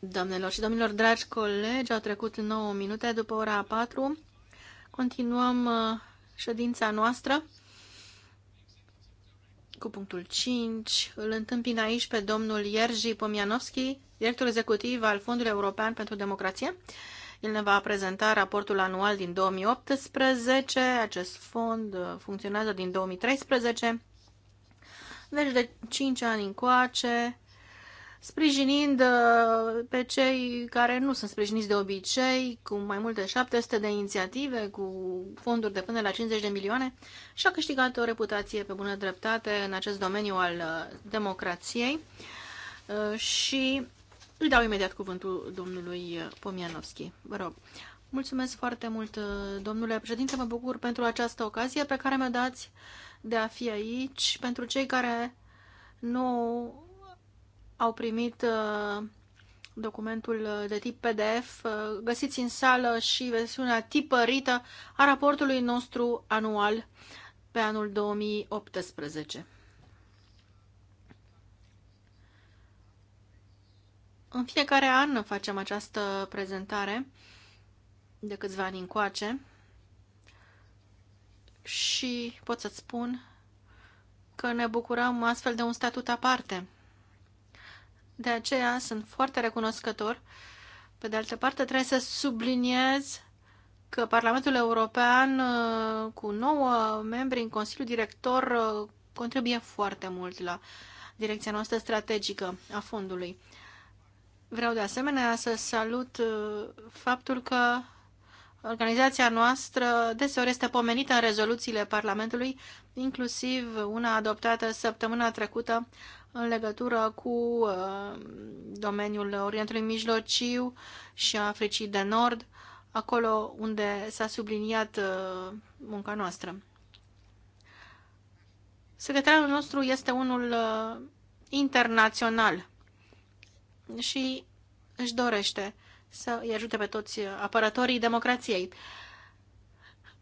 Doamnelor și domnilor, dragi colegi, au trecut 9 minute după ora 4. Continuăm uh, ședința noastră cu punctul 5. Îl întâmpin aici pe domnul Ierji Pomianovski, director executiv al Fondului European pentru Democrație. El ne va prezenta raportul anual din 2018. Acest fond uh, funcționează din 2013 deci de 5 ani încoace, sprijinind uh, pe cei care nu sunt sprijiniți de obicei, cu mai multe 700 de inițiative, cu fonduri de până la 50 de milioane și a câștigat o reputație pe bună dreptate în acest domeniu al uh, democrației uh, și îi dau imediat cuvântul domnului Pomianovski. Vă rog. Mulțumesc foarte mult, domnule președinte, mă bucur pentru această ocazie pe care mi-o dați de a fi aici. Pentru cei care nu au primit uh, documentul de tip PDF, uh, găsiți în sală și versiunea tipărită a raportului nostru anual pe anul 2018. În fiecare an facem această prezentare de câțiva ani încoace și pot să-ți spun că ne bucurăm astfel de un statut aparte. De aceea sunt foarte recunoscător. Pe de altă parte, trebuie să subliniez că Parlamentul European, uh, cu nouă membri în Consiliul Director, uh, contribuie foarte mult la direcția noastră strategică a fondului. Vreau de asemenea să salut uh, faptul că Organizația noastră deseori este pomenită în rezoluțiile Parlamentului, inclusiv una adoptată săptămâna trecută în legătură cu uh, domeniul Orientului Mijlociu și Africii de Nord, acolo unde s-a subliniat uh, munca noastră. Secretarul nostru este unul uh, internațional și își dorește să îi ajute pe toți apărătorii democrației.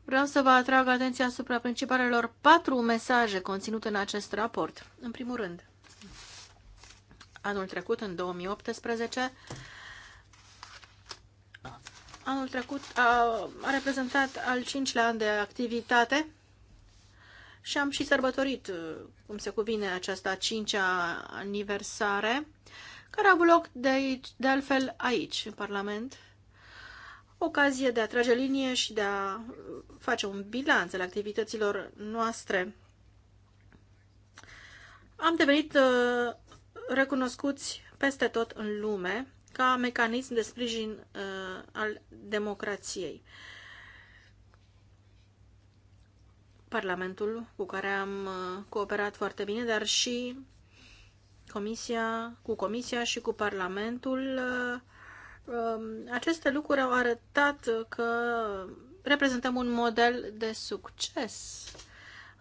Vreau să vă atrag atenția asupra principalelor patru mesaje conținute în acest raport. În primul rând, anul trecut, în 2018, anul trecut a, a reprezentat al cincilea an de activitate și am și sărbătorit, cum se cuvine, această a cincea aniversare care a avut loc de, aici, de altfel aici, în Parlament. Ocazie de a trage linie și de a face un bilanț al activităților noastre. Am devenit uh, recunoscuți peste tot în lume ca mecanism de sprijin uh, al democrației. Parlamentul cu care am uh, cooperat foarte bine, dar și comisia, cu Comisia și cu Parlamentul. Uh, um, aceste lucruri au arătat că reprezentăm un model de succes.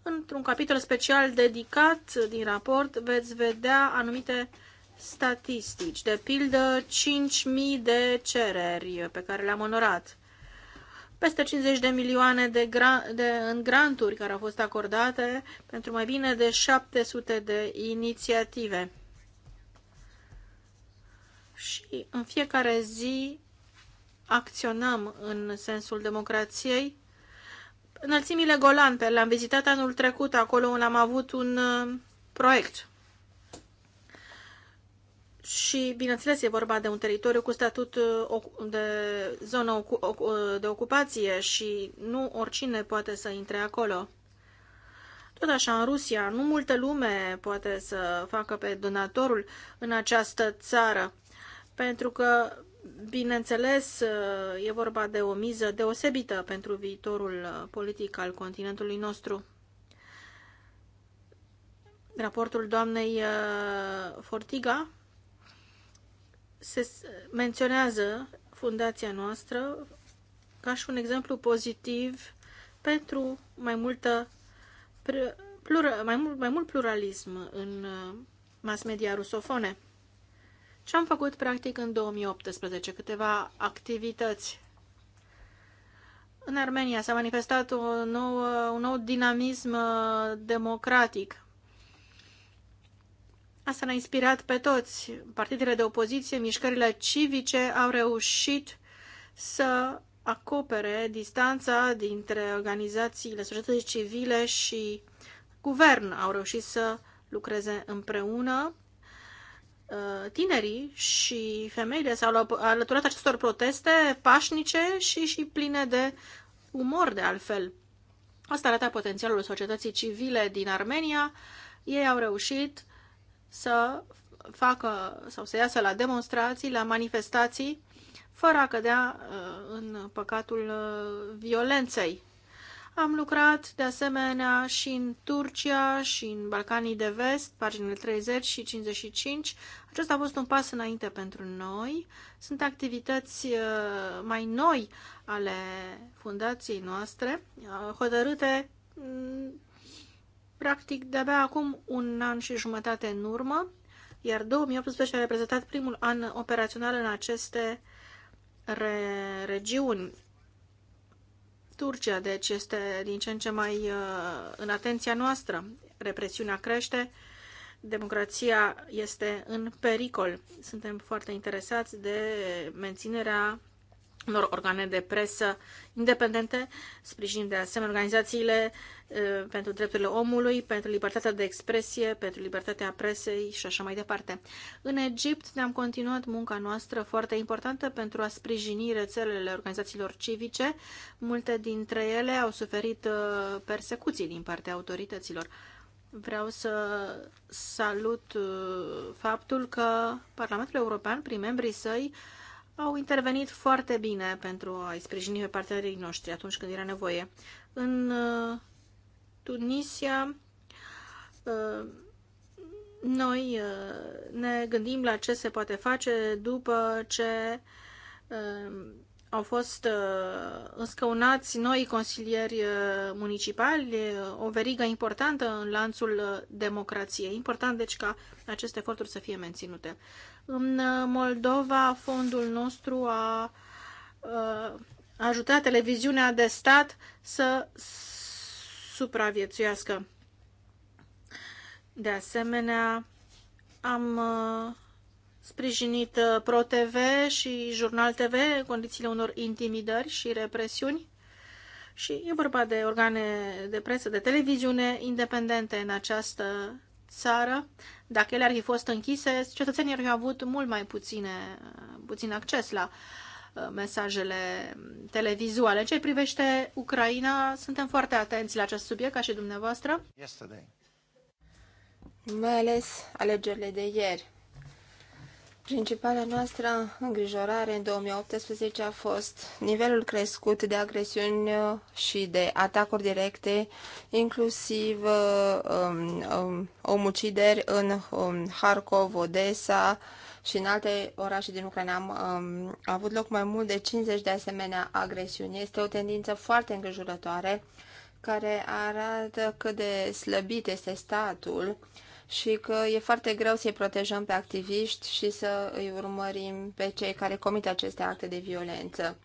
Într-un capitol special dedicat din raport veți vedea anumite statistici, de pildă 5.000 de cereri pe care le-am onorat, peste 50 de milioane de, gra- de în granturi care au fost acordate pentru mai bine de 700 de inițiative și în fiecare zi acționăm în sensul democrației. Înălțimile Golan, pe l-am vizitat anul trecut, acolo unde am avut un uh, proiect. Și, bineînțeles, e vorba de un teritoriu cu statut uh, de zonă uh, de ocupație și nu oricine poate să intre acolo. Tot așa, în Rusia, nu multă lume poate să facă pe donatorul în această țară pentru că, bineînțeles, uh, e vorba de o miză deosebită pentru viitorul uh, politic al continentului nostru. Raportul doamnei uh, Fortiga se menționează fundația noastră ca și un exemplu pozitiv pentru mai multă plura, mai, mult, mai mult pluralism în mass media rusofone. Și am făcut practic în 2018? Câteva activități. În Armenia s-a manifestat o nouă, un nou dinamism uh, democratic. Asta ne-a inspirat pe toți. Partidele de opoziție, mișcările civice au reușit să acopere distanța dintre organizațiile societății civile și guvern. Au reușit să lucreze împreună Uh, tinerii și femeile s-au alăturat acestor proteste pașnice și, și pline de umor de altfel. Asta arată potențialul societății civile din Armenia. Ei au reușit să facă sau să iasă la demonstrații, la manifestații, fără a cădea uh, în păcatul uh, violenței. Am lucrat de asemenea și în Turcia și în Balcanii de Vest, paginile 30 și 55. Acesta a fost un pas înainte pentru noi. Sunt activități uh, mai noi ale fundației noastre, uh, hotărâte mm, practic de-abia acum un an și jumătate în urmă, iar 2018 a reprezentat primul an operațional în aceste re regiuni. Turcia, deci este din ce în ce mai uh, în atenția noastră. Represiunea crește, democrația este în pericol. Suntem foarte interesați de menținerea unor organe de presă independente, sprijin de asemenea organizațiile pentru drepturile omului, pentru libertatea de expresie, pentru libertatea presei și așa mai departe. În Egipt ne-am continuat munca noastră foarte importantă pentru a sprijini rețelele organizațiilor civice. Multe dintre ele au suferit persecuții din partea autorităților. Vreau să salut faptul că Parlamentul European, prin membrii săi, au intervenit foarte bine pentru a-i sprijini pe partenerii noștri atunci când era nevoie. În uh, Tunisia, uh, noi uh, ne gândim la ce se poate face după ce au fost uh, înscăunați noi consilieri uh, municipali, uh, o verigă importantă în lanțul uh, democrației. Important, deci, ca aceste eforturi să fie menținute. În Moldova, fondul nostru a uh, ajutat televiziunea de stat să supraviețuiască. De asemenea, am uh, sprijinit uh, ProTV și Jurnal TV în condițiile unor intimidări și represiuni. Și e vorba de organe de presă, de televiziune independente în această țară. Dacă ele ar fi fost închise, cetățenii ar fi avut mult mai puține, uh, puțin acces la uh, mesajele televizuale. Ce privește Ucraina, suntem foarte atenți la acest subiect, ca și dumneavoastră. Yesterday. Mai ales alegerile de ieri. Principala noastră îngrijorare în 2018 a fost nivelul crescut de agresiuni uh, și de atacuri directe, inclusiv uh, um, um, omucideri în um, Harkov, Odessa și în alte orașe din Ucraina. Am um, avut loc mai mult de 50 de asemenea agresiuni. Este o tendință foarte îngrijorătoare care arată cât de slăbit este statul și că e foarte greu să-i protejăm pe activiști și să îi urmărim pe cei care comit aceste acte de violență.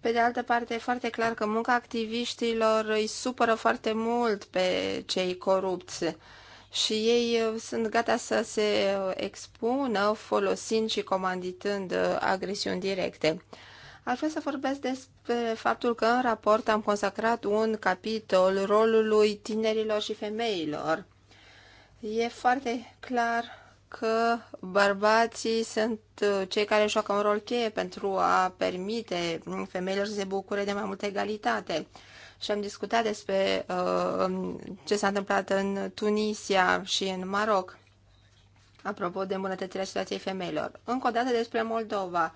Pe de altă parte, e foarte clar că munca activiștilor îi supără foarte mult pe cei corupți și ei uh, sunt gata să se uh, expună folosind și comanditând uh, agresiuni directe. Aș vrea să vorbesc despre faptul că în raport am consacrat un capitol rolului tinerilor și femeilor E foarte clar că bărbații sunt uh, cei care joacă un rol cheie pentru a permite femeilor să se bucure de mai multă egalitate. Și am discutat despre uh, ce s-a întâmplat în Tunisia și în Maroc, apropo de îmbunătățirea situației femeilor. Încă o dată despre Moldova.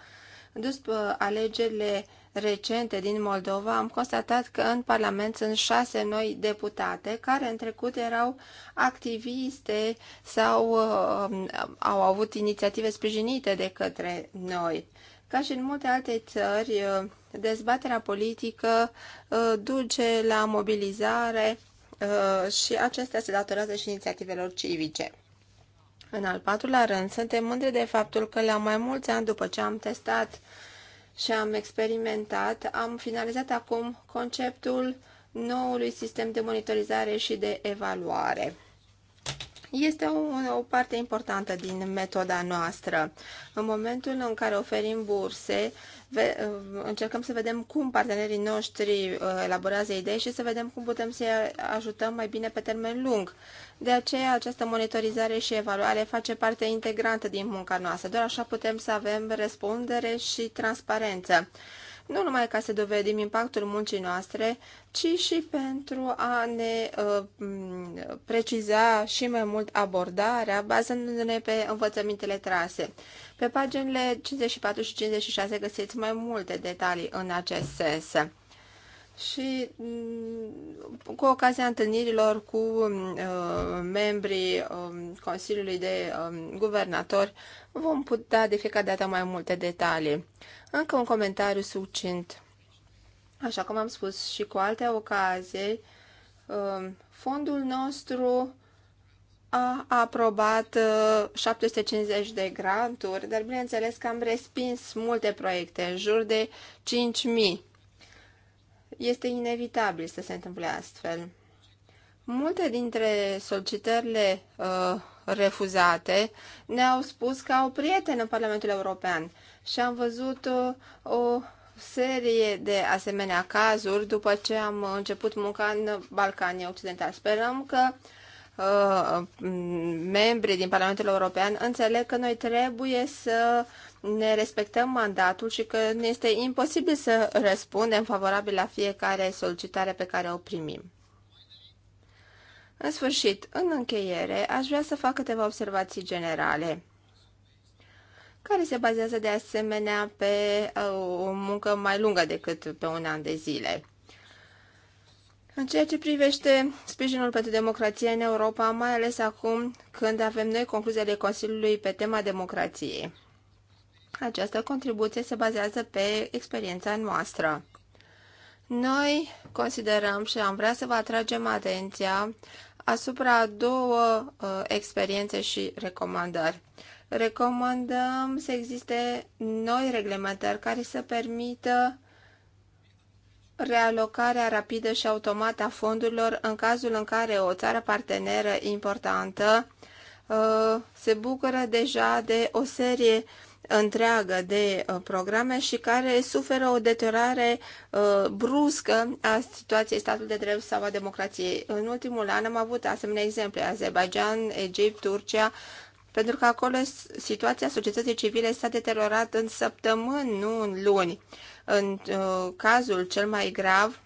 După uh, alegerile uh, recente din Moldova, am constatat că în Parlament sunt șase noi deputate care în trecut erau activiste sau uh, au avut inițiative sprijinite de către noi. Ca și în multe alte țări, uh, dezbaterea politică uh, duce la mobilizare uh, și acestea se datorează și inițiativelor civice. În al patrulea rând, suntem mândri de faptul că la mai mulți ani după ce am testat uh, și am experimentat, am finalizat acum conceptul noului sistem de monitorizare și de evaluare. Este o, o parte importantă din metoda noastră. În momentul în care oferim burse, uh, Uh, încercăm să vedem cum partenerii noștri uh, elaborează idei și să vedem cum putem să ajutăm mai bine pe termen lung. De aceea, această monitorizare și evaluare face parte integrantă din munca noastră. Doar așa putem să avem răspundere și transparență nu numai ca să dovedim impactul muncii noastre, ci și pentru a ne uh, preciza și mai mult abordarea, bazându-ne pe învățămintele trase. Pe paginile 54 și 56 găsiți mai multe detalii în acest sens și mm, cu ocazia întâlnirilor cu mm, uh, membrii uh, Consiliului de uh, Guvernatori vom putea de fiecare dată mai multe detalii. Încă un comentariu succint. Așa cum am spus și cu alte ocazii, uh, fondul nostru a aprobat uh, 750 de granturi, dar bineînțeles că am respins multe proiecte, în jur de 5000 este inevitabil să se întâmple astfel. Multe dintre solicitările uh, refuzate ne-au spus că au prieteni în Parlamentul European și am văzut uh, o serie de asemenea cazuri după ce am început munca în Balcanii Occidentali. Sperăm că uh, membrii din Parlamentul European înțeleg că noi trebuie să uh, ne respectăm mandatul și că ne este imposibil să răspundem favorabil la fiecare solicitare pe care o primim. În sfârșit, în încheiere, aș vrea să fac câteva observații generale, care se bazează de asemenea pe uh, o muncă mai lungă decât pe un an de zile. În ceea ce privește sprijinul pentru democrație în Europa, mai ales acum când avem noi concluziile Consiliului pe tema democrației. Această contribuție se bazează pe experiența noastră. Noi considerăm și am vrea să vă atragem atenția asupra două uh, experiențe și recomandări. Recomandăm să existe noi reglementări care să permită realocarea rapidă și automată a fondurilor în cazul în care o țară parteneră importantă uh, se bucură deja de o serie întreagă de uh, programe și care suferă o deteriorare uh, bruscă a situației statului de drept sau a democrației. În ultimul an am avut asemenea exemple, Azerbaijan, Egipt, Turcia, pentru că acolo situația societății civile s-a deteriorat în săptămâni, nu în luni. În uh, cazul cel mai grav,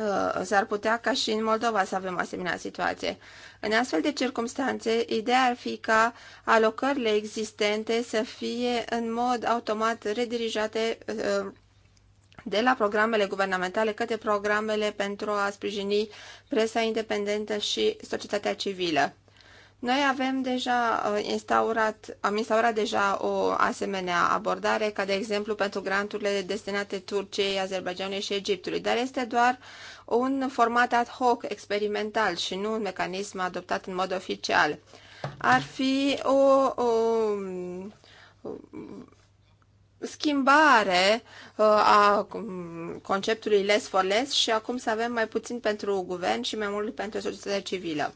Uh, s-ar putea ca și în Moldova să avem asemenea situație. În astfel de circunstanțe, ideea ar fi ca alocările existente să fie în mod automat redirijate uh, de la programele guvernamentale către programele pentru a sprijini presa independentă și societatea civilă. Noi avem deja uh, instaurat, am instaurat deja o asemenea abordare, ca de exemplu pentru granturile destinate Turciei, Azerbaijanului și Egiptului, dar este doar un format ad hoc experimental și nu un mecanism adoptat în mod oficial. Ar fi o, o, schimbare uh, a conceptului less for less și acum să avem mai puțin pentru guvern și mai mult pentru societatea civilă.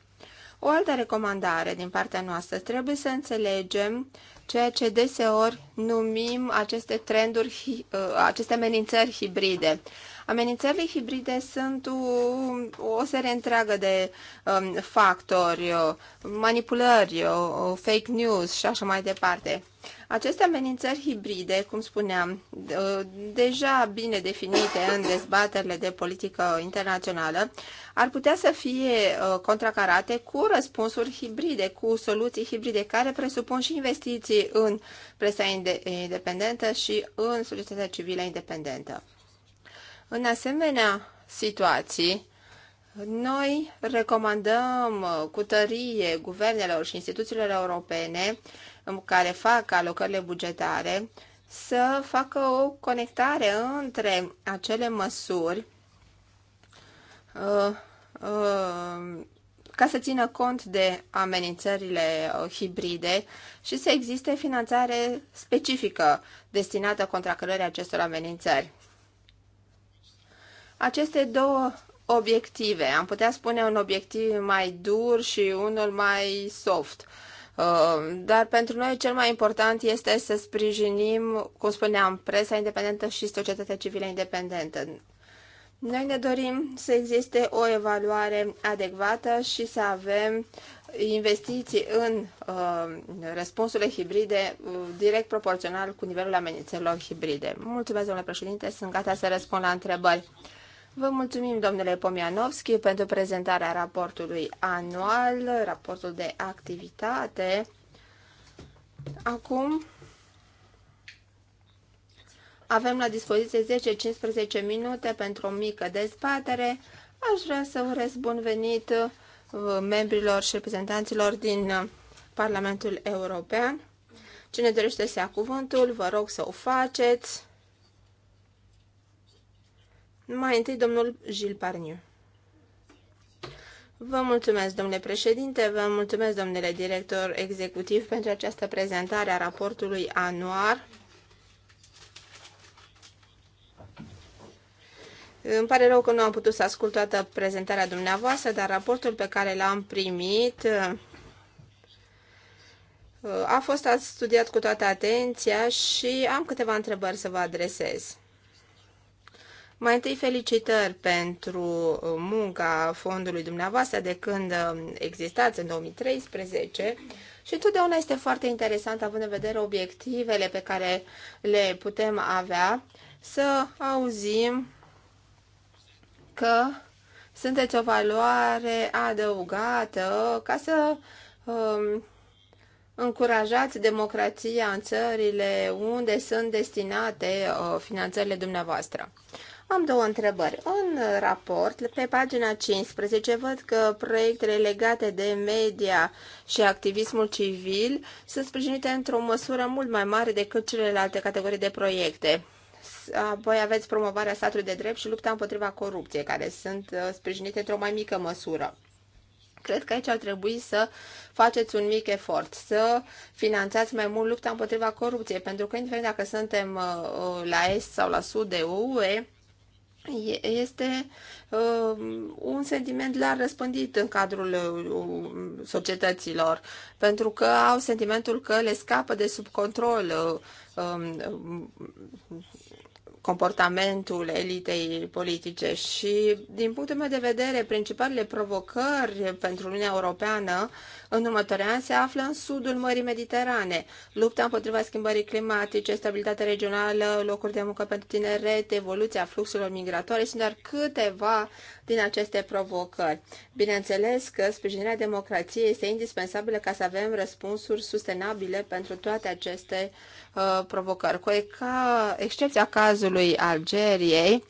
O altă recomandare din partea noastră, trebuie să înțelegem ceea ce deseori numim aceste trenduri, uh, aceste amenințări hibride. Amenințările hibride sunt o serie întreagă de um, factori, uh, manipulări, uh, uh, fake news și așa mai departe. Aceste amenințări hibride, cum spuneam, deja bine definite în dezbaterile de politică internațională, ar putea să fie contracarate cu răspunsuri hibride, cu soluții hibride care presupun și investiții în presa independentă și în societatea civilă independentă. În asemenea situații, noi recomandăm uh, cu tărie guvernelor și instituțiilor europene um, care fac alocările bugetare să facă o conectare între acele măsuri uh, uh, ca să țină cont de amenințările uh, hibride și să existe finanțare specifică destinată contracărării acestor amenințări. Aceste două obiective, am putea spune un obiectiv mai dur și unul mai soft, uh, dar pentru noi cel mai important este să sprijinim, cum spuneam, presa independentă și societatea civilă independentă. Noi ne dorim să existe o evaluare adecvată și să avem investiții în uh, răspunsurile hibride uh, direct proporțional cu nivelul amenințelor hibride. Mulțumesc, domnule președinte, sunt gata să răspund la întrebări. Vă mulțumim, domnule Pomianovski, pentru prezentarea raportului anual, raportul de activitate. Acum avem la dispoziție 10-15 minute pentru o mică dezbatere. Aș vrea să urez bun venit uh, membrilor și reprezentanților din uh, Parlamentul European. Cine dorește să ia cuvântul, vă rog să o faceți. Mai întâi, domnul Gilles Parniu. Vă mulțumesc, domnule președinte, vă mulțumesc, domnule director executiv, pentru această prezentare a raportului anuar. Îmi pare rău că nu am putut să ascult toată prezentarea dumneavoastră, dar raportul pe care l-am primit uh, a fost studiat cu toată atenția și am câteva întrebări să vă adresez. Mai întâi felicitări pentru uh, munca fondului dumneavoastră de când uh, existați în 2013 și întotdeauna este foarte interesant având în vedere obiectivele pe care le putem avea să auzim că sunteți o valoare adăugată ca să um, încurajați democrația în țările unde sunt destinate uh, finanțările dumneavoastră. Am două întrebări. În raport, pe pagina 15, văd că proiectele legate de media și activismul civil sunt sprijinite într-o măsură mult mai mare decât celelalte categorii de proiecte. Apoi aveți promovarea statului de drept și lupta împotriva corupției, care sunt uh, sprijinite într-o mai mică măsură. Cred că aici ar trebui să faceți un mic efort, să finanțați mai mult lupta împotriva corupției, pentru că indiferent dacă suntem uh, uh, la est sau la sud de UE, este um, un sentiment larg răspândit în cadrul um, societăților, pentru că au sentimentul că le scapă de sub control um, comportamentul elitei politice și, din punctul meu de vedere, principalele provocări pentru Uniunea Europeană în următorii ani se află în sudul Mării Mediterane. Lupta împotriva schimbării climatice, stabilitatea regională, locuri de muncă pentru tineret, evoluția fluxurilor migratoare sunt doar câteva din aceste provocări. Bineînțeles că sprijinirea democrației este indispensabilă ca să avem răspunsuri sustenabile pentru toate aceste uh, provocări. Cu excepția cazului Algeriei,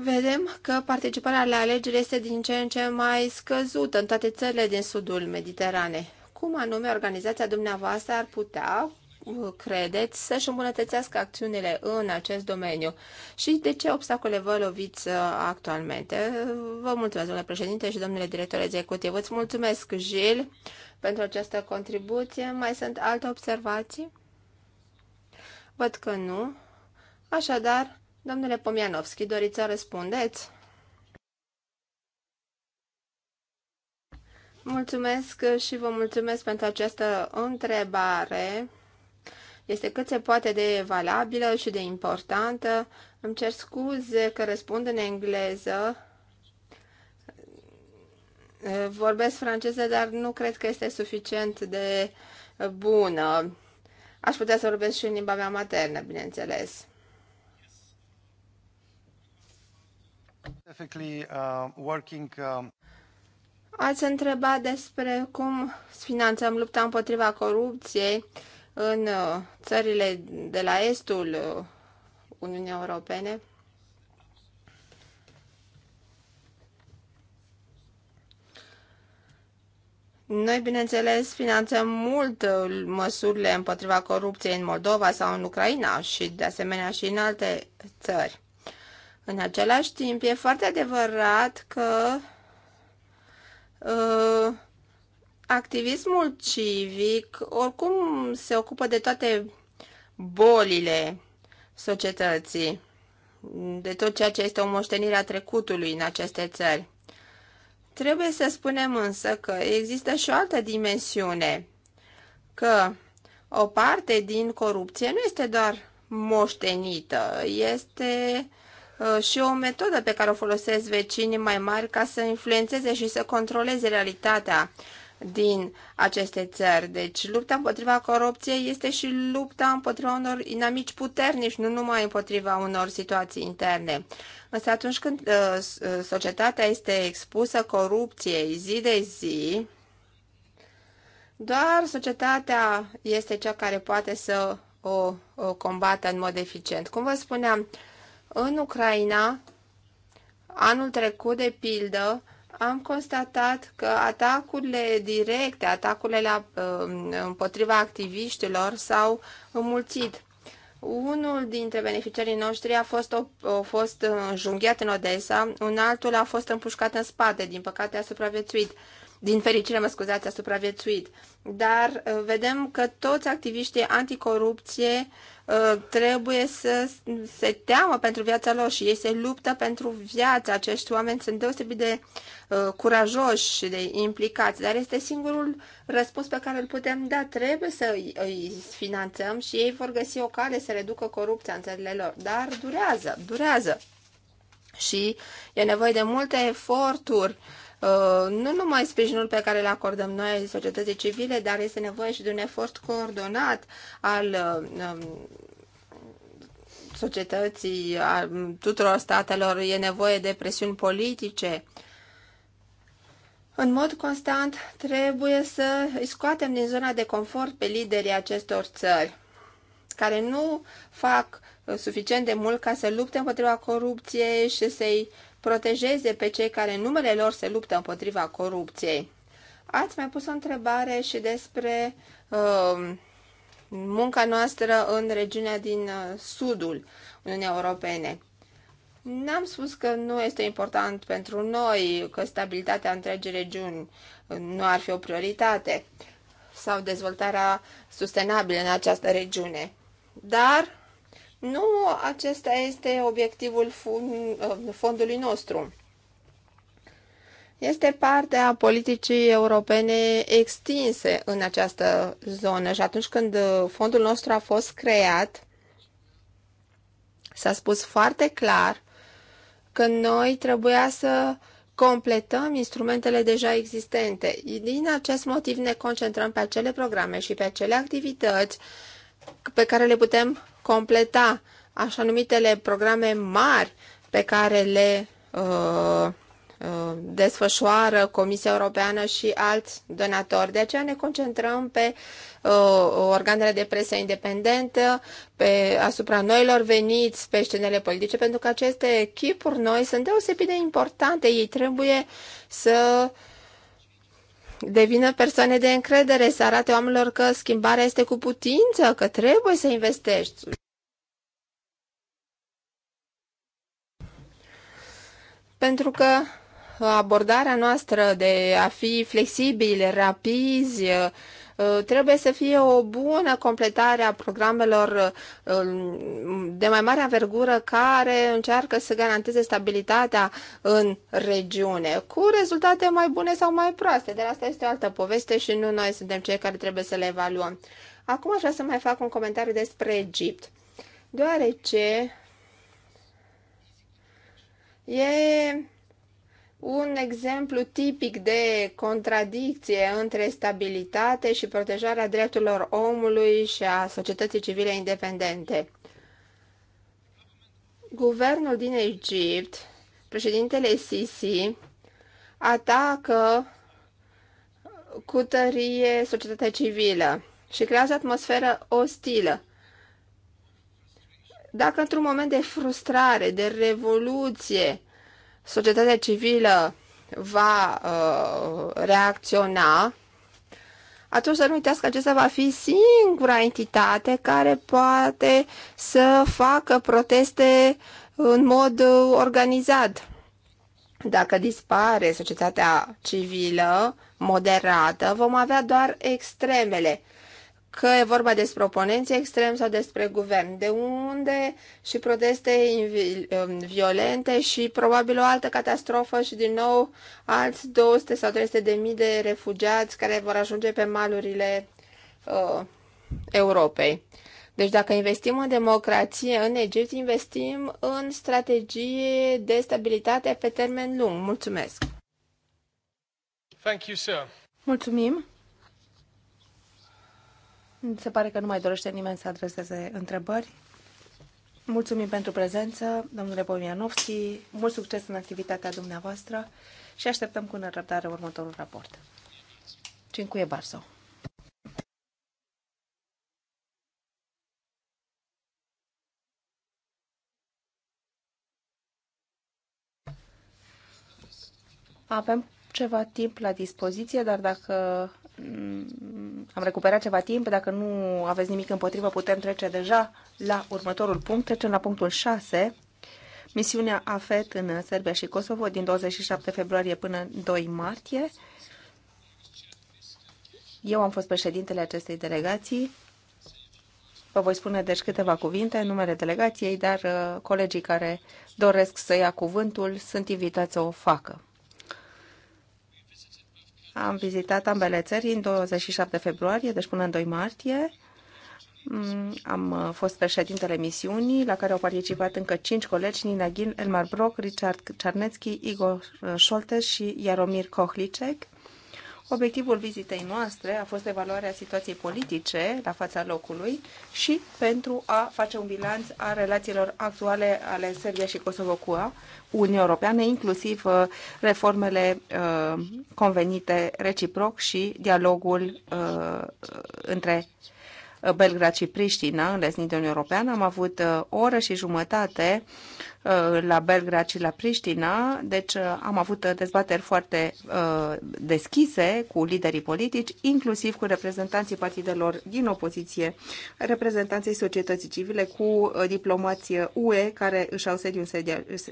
vedem că participarea la alegeri este din ce în ce mai scăzută în toate țările din sudul Mediteranei. Cum anume organizația dumneavoastră ar putea, uh, credeți, să-și îmbunătățească acțiunile în acest domeniu? Și de ce obstacole vă loviți uh, actualmente? Vă mulțumesc, domnule președinte și domnule director executiv. Vă mulțumesc, Gil, pentru această contribuție. Mai sunt alte observații? Văd că nu. Așadar, Domnule Pomianovski, doriți să răspundeți? Mulțumesc și vă mulțumesc pentru această întrebare. Este cât se poate de valabilă și de importantă. Îmi cer scuze că răspund în engleză. Vorbesc franceză, dar nu cred că este suficient de bună. Aș putea să vorbesc și în limba mea maternă, bineînțeles. Uh, uh, Ați întrebat despre cum finanțăm lupta împotriva corupției în uh, țările de la estul Uniunii Europene. Noi, bineînțeles, finanțăm mult măsurile împotriva corupției în Moldova sau în Ucraina și, de asemenea, și în alte țări. În același timp, e foarte adevărat că uh, activismul civic oricum se ocupă de toate bolile societății, de tot ceea ce este o moștenire a trecutului în aceste țări. Trebuie să spunem însă că există și o altă dimensiune, că o parte din corupție nu este doar moștenită, este uh, Uh, și o metodă pe care o folosesc vecinii mai mari ca să influențeze și să controleze realitatea din aceste țări. Deci lupta împotriva corupției este și lupta împotriva unor inamici puternici, nu numai împotriva unor situații interne. Însă atunci când uh, uh societatea este expusă corupției zi de zi, doar societatea este cea care poate să o, o combată în mod eficient. Cum vă spuneam, uh, în Ucraina, anul trecut, de pildă, am constatat că atacurile directe, atacurile la, um, împotriva activiștilor s-au înmulțit. Unul dintre beneficiarii noștri a fost, o, a fost înjunghiat uh, în Odessa, un altul a fost împușcat în spate, din păcate a supraviețuit. Din fericire, mă scuzați, a supraviețuit. Dar uh, vedem că toți activiștii anticorupție Uh, trebuie să se teamă pentru viața lor și ei se luptă pentru viața Acești oameni sunt deosebit de uh, curajoși și de implicați, dar este singurul răspuns pe care îl putem da. Trebuie să îi finanțăm și ei vor găsi o cale să reducă corupția în țările lor, dar durează, durează. Și e nevoie de multe eforturi uh, Uh, nu numai sprijinul pe care îl acordăm noi societății civile, dar este nevoie și de un efort coordonat al uh, um, societății, a tuturor statelor, e nevoie de presiuni politice. În mod constant trebuie să îi scoatem din zona de confort pe liderii acestor țări, care nu fac uh, suficient de mult ca să lupte împotriva corupției și să-i protejeze pe cei care în numele lor se luptă împotriva corupției. Ați mai pus o întrebare și despre uh, munca noastră în regiunea din uh, sudul Uniunii Europene. N-am spus că nu este important pentru noi că stabilitatea întregii regiuni uh, nu ar fi o prioritate sau dezvoltarea sustenabilă în această regiune. Dar nu acesta este obiectivul uh, fondului nostru. Este parte a politicii europene extinse în această zonă și atunci când fondul nostru a fost creat, s-a spus foarte clar că noi trebuia să completăm instrumentele deja existente. Din acest motiv ne concentrăm pe acele programe și pe acele activități pe care le putem completa așa numitele programe mari pe care le uh, uh, desfășoară Comisia Europeană și alți donatori. De aceea ne concentrăm pe uh, organele de presă independentă, pe asupra noilor veniți pe scenele politice, pentru că aceste echipuri noi sunt deosebit de importante. Ei trebuie să uh, devină persoane de încredere, să arate oamenilor că schimbarea este cu putință, că trebuie să investești. Pentru că abordarea noastră de a fi flexibili, rapizi, Uh, trebuie să fie o bună completare a programelor uh, de mai mare avergură care încearcă să garanteze stabilitatea în regiune, cu rezultate mai bune sau mai proaste. Dar asta este o altă poveste și nu noi suntem cei care trebuie să le evaluăm. Acum aș vrea să mai fac un comentariu despre Egipt, deoarece e un exemplu tipic de contradicție între stabilitate și protejarea drepturilor omului și a societății civile independente. Guvernul din Egipt, președintele Sisi, atacă cu tărie societatea civilă și creează atmosferă ostilă. Dacă într-un moment de frustrare, de revoluție, societatea civilă va uh, reacționa, atunci să nu uitați că acesta va fi singura entitate care poate să facă proteste în mod uh, organizat. Dacă dispare societatea civilă moderată, vom avea doar extremele că e vorba despre oponenții extrem sau despre guvern, de unde și proteste um, violente și probabil o altă catastrofă și din nou alți 200 sau 300 de mii de refugiați care vor ajunge pe malurile uh, Europei. Deci dacă investim în democrație în Egipt, investim în strategie de stabilitate pe termen lung. Mulțumesc! Thank you, sir. Mulțumim! Se pare că nu mai dorește nimeni să adreseze întrebări. Mulțumim pentru prezență, domnule Bomianovski, mult succes în activitatea dumneavoastră și așteptăm cu nerăbdare următorul raport. Cincuie Barso. Avem ceva timp la dispoziție, dar dacă Mm, am recuperat ceva timp. Dacă nu aveți nimic împotrivă, putem trece deja la următorul punct. Trecem la punctul 6. Misiunea AFET în Serbia și Kosovo din 27 februarie până 2 martie. Eu am fost președintele acestei delegații. Vă voi spune deci câteva cuvinte numele delegației, dar uh, colegii care doresc să ia cuvântul sunt invitați să o facă. Am vizitat ambele țări în 27 februarie, deci până în 2 martie. Mm, am uh, fost președintele misiunii, la care au participat încă cinci colegi, Nina Ghin, Elmar Brock, Richard Czarnecki, Igor uh, Scholtes și Jaromir Kohlicek. Obiectivul vizitei noastre a fost evaluarea situației politice la fața locului și pentru a face un bilanț a relațiilor actuale ale Serbia și Kosovo cu Uniunea Europeană, inclusiv uh, reformele uh, convenite reciproc și dialogul uh, între Belgrad și Priștina, înlesnit de Uniunea Europeană. Am avut uh, o oră și jumătate uh, la Belgrad și la Priștina, deci uh, am avut dezbateri foarte deschise cu liderii politici, inclusiv cu reprezentanții partidelor din opoziție, reprezentanții societății civile, cu diplomați UE care își au sediu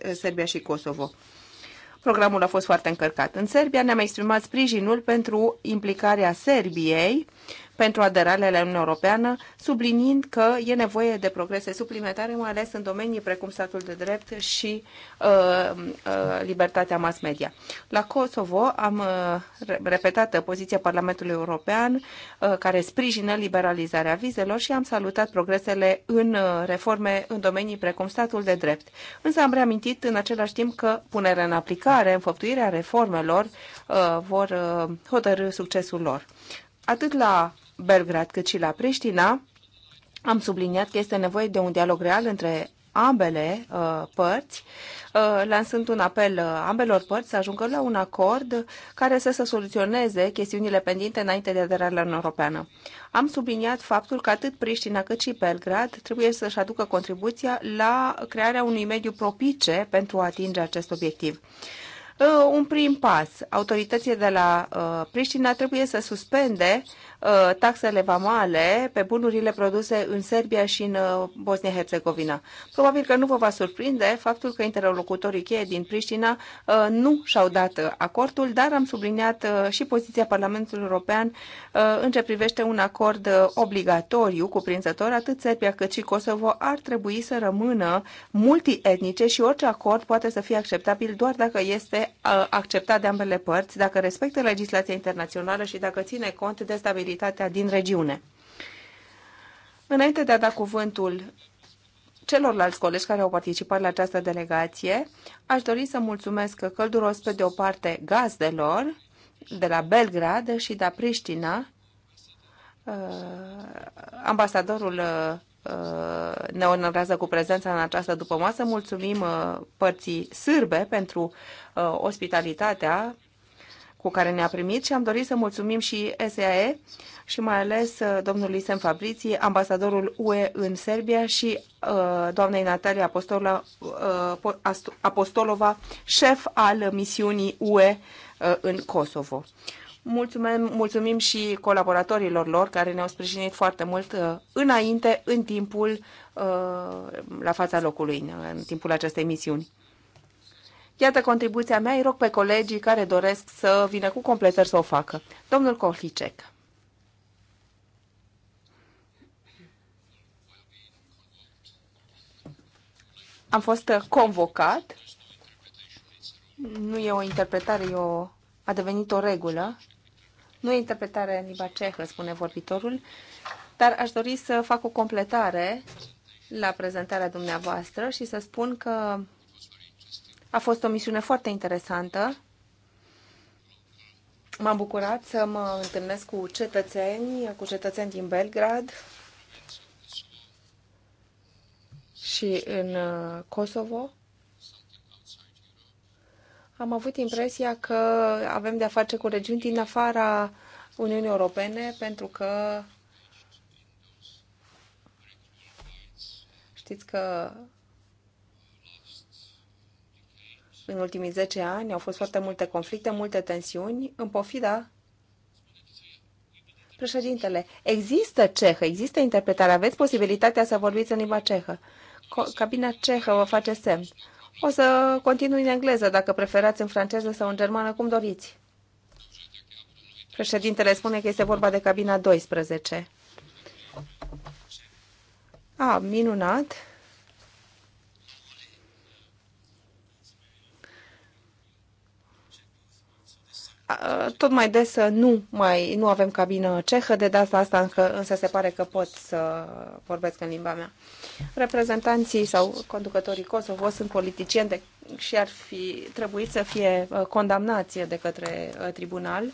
în Serbia și Kosovo. Programul a fost foarte încărcat. În Serbia ne-am exprimat sprijinul pentru implicarea Serbiei uh, pentru aderarea la Uniunea Europeană, subliniind că e nevoie de progrese suplimentare, mai ales în domenii precum statul de drept și uh, uh, libertatea mass media. La Kosovo am uh, repetat poziția Parlamentului European uh, care sprijină liberalizarea vizelor și am salutat progresele în uh, reforme în domenii precum statul de drept. Însă am reamintit în același timp că punerea în aplicare, înfăptuirea reformelor uh, vor uh, hotărâ succesul lor atât la Belgrad cât și la Priștina, am subliniat că este nevoie de un dialog real între ambele uh, părți, uh, lansând un apel uh, ambelor părți să ajungă la un acord care să, se soluționeze chestiunile pendinte înainte de aderarea în Europeană. Am subliniat faptul că atât Priștina cât și Belgrad trebuie să-și aducă contribuția la crearea unui mediu propice pentru a atinge acest obiectiv. Uh, un prim pas. Autoritățile de la uh, Priștina trebuie să suspende Uh, taxele vamale pe bunurile produse în Serbia și în uh, Bosnia-Herzegovina. Probabil că nu vă va surprinde faptul că interlocutorii cheie din Priștina uh, nu și-au dat acordul, dar am subliniat și poziția Parlamentului European în ce privește un acord obligatoriu cuprinzător, atât Serbia cât și Kosovo ar trebui să rămână multietnice și orice acord poate să fie acceptabil doar dacă este acceptat de ambele părți, dacă respectă legislația internațională și dacă ține cont de stabilitate stabilitatea din regiune. Înainte de a da cuvântul celorlalți colegi care au participat la această delegație, aș dori să mulțumesc călduros pe de o parte gazdelor de la Belgrad și de la Priștina, uh, ambasadorul uh, ne onorează cu prezența în această dupămasă. Mulțumim uh, părții sârbe pentru ospitalitatea cu care ne-a primit și am dorit să mulțumim și SAE și mai ales uh, domnului Sem Fabriții, ambasadorul UE în Serbia și uh, doamnei Natalia Apostola, uh, Apostolova, șef al misiunii UE în Kosovo. Mulțumim, mulțumim și colaboratorilor lor care ne-au sprijinit foarte mult înainte, în timpul la fața locului, în, în timpul acestei misiuni. Iată contribuția mea, îi rog pe colegii care doresc să vină cu completări să o facă. Domnul Kohlicek. Am fost convocat. Nu e o interpretare, e o... a devenit o regulă. Nu e interpretare în limba cehă, spune vorbitorul, dar aș dori să fac o completare la prezentarea dumneavoastră și să spun că a fost o misiune foarte interesantă. M-am bucurat să mă întâlnesc cu cetățeni, cu cetățeni din Belgrad și în uh, Kosovo. Am avut impresia că avem de-a face cu regiuni din afara Uniunii Europene, pentru că știți că În ultimii 10 ani au fost foarte multe conflicte, multe tensiuni, în pofida Președintele, există cehă, există interpretare, aveți posibilitatea să vorbiți în limba cehă. Co- cabina cehă vă face semn. O să continui în engleză, dacă preferați în franceză sau în germană, cum doriți. Președintele spune că este vorba de cabina 12. A, minunat. tot mai des nu, mai, nu avem cabină cehă, de data asta încă, însă se pare că pot să vorbesc în limba mea. Reprezentanții sau conducătorii Kosovo sunt politicieni de, și ar fi trebuit să fie condamnați de către tribunal.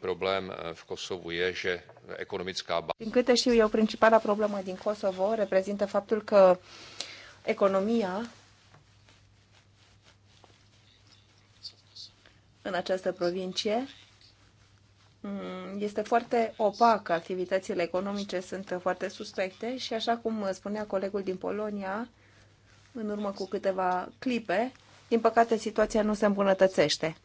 Problém v Kosovu e že economická Din câte știu eu, principala problemă din Kosovo reprezintă faptul că economia în această provincie. Mm, este foarte opac, activitățile economice sunt foarte suspecte și așa cum spunea colegul din Polonia, în urmă cu câteva clipe, din păcate situația nu se îmbunătățește.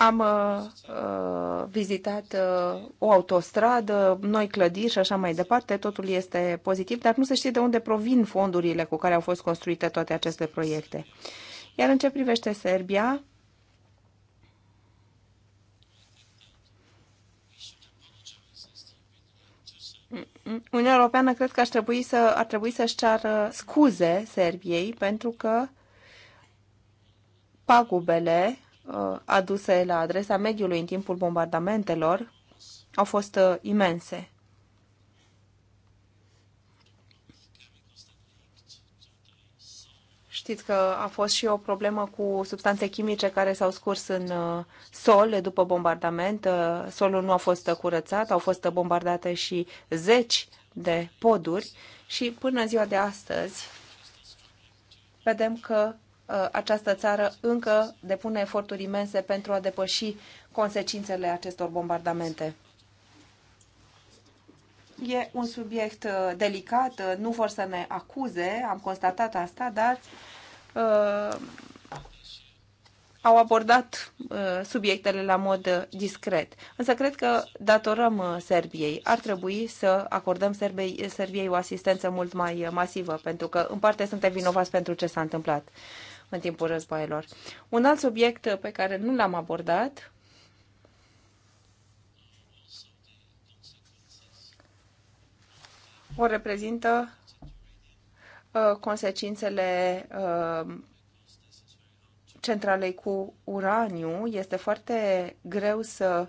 Am uh, uh, vizitat uh, o autostradă, noi clădiri și așa mai departe, totul este pozitiv, dar nu se știe de unde provin fondurile cu care au fost construite toate aceste proiecte. Iar în ce privește Serbia, Uniunea Europeană cred că ar trebui să, ar trebui să-și ceară scuze Serbiei pentru că pagubele Uh, aduse la adresa mediului în timpul bombardamentelor au fost uh, imense. Știți că a fost și o problemă cu substanțe chimice care s-au scurs în uh, sol după bombardament. Solul nu a fost curățat, au fost bombardate și zeci de poduri și până ziua de astăzi vedem că Uh, această țară încă depune eforturi imense pentru a depăși consecințele acestor bombardamente. E un subiect uh, delicat, uh, nu vor să ne acuze, am constatat asta, dar uh, au abordat uh, subiectele la mod discret. Însă cred că datorăm Serbiei. Ar trebui să acordăm Serbiei, Serbiei o asistență mult mai masivă, pentru că în parte suntem vinovați pentru ce s-a întâmplat. Uh, în timpul războaielor. Un alt subiect pe care nu l-am abordat o reprezintă uh, consecințele uh, centralei cu uraniu. Este foarte greu să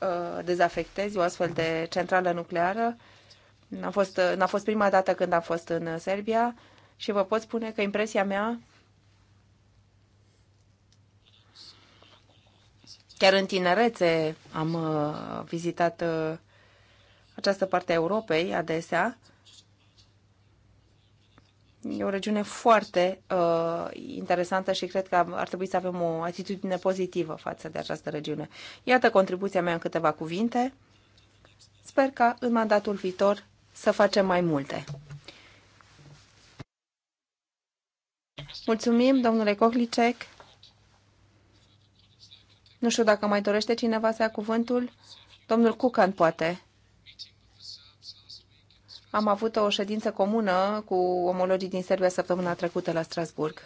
uh, dezafectezi o astfel de centrală nucleară. N-a fost, n-a fost prima dată când am fost în Serbia. Uh, și vă pot spune că impresia mea, chiar în tinerețe am uh, vizitat uh, această parte a Europei adesea, E o regiune foarte uh, interesantă și cred că ar trebui să avem o atitudine pozitivă față de această regiune. Iată contribuția mea în câteva cuvinte. Sper ca în mandatul viitor să facem mai multe. Mulțumim, domnule Cohlicek. Nu știu dacă mai dorește cineva să ia cuvântul. Domnul Cucan, poate. Am avut o ședință comună cu omologii din Serbia săptămâna trecută la Strasburg.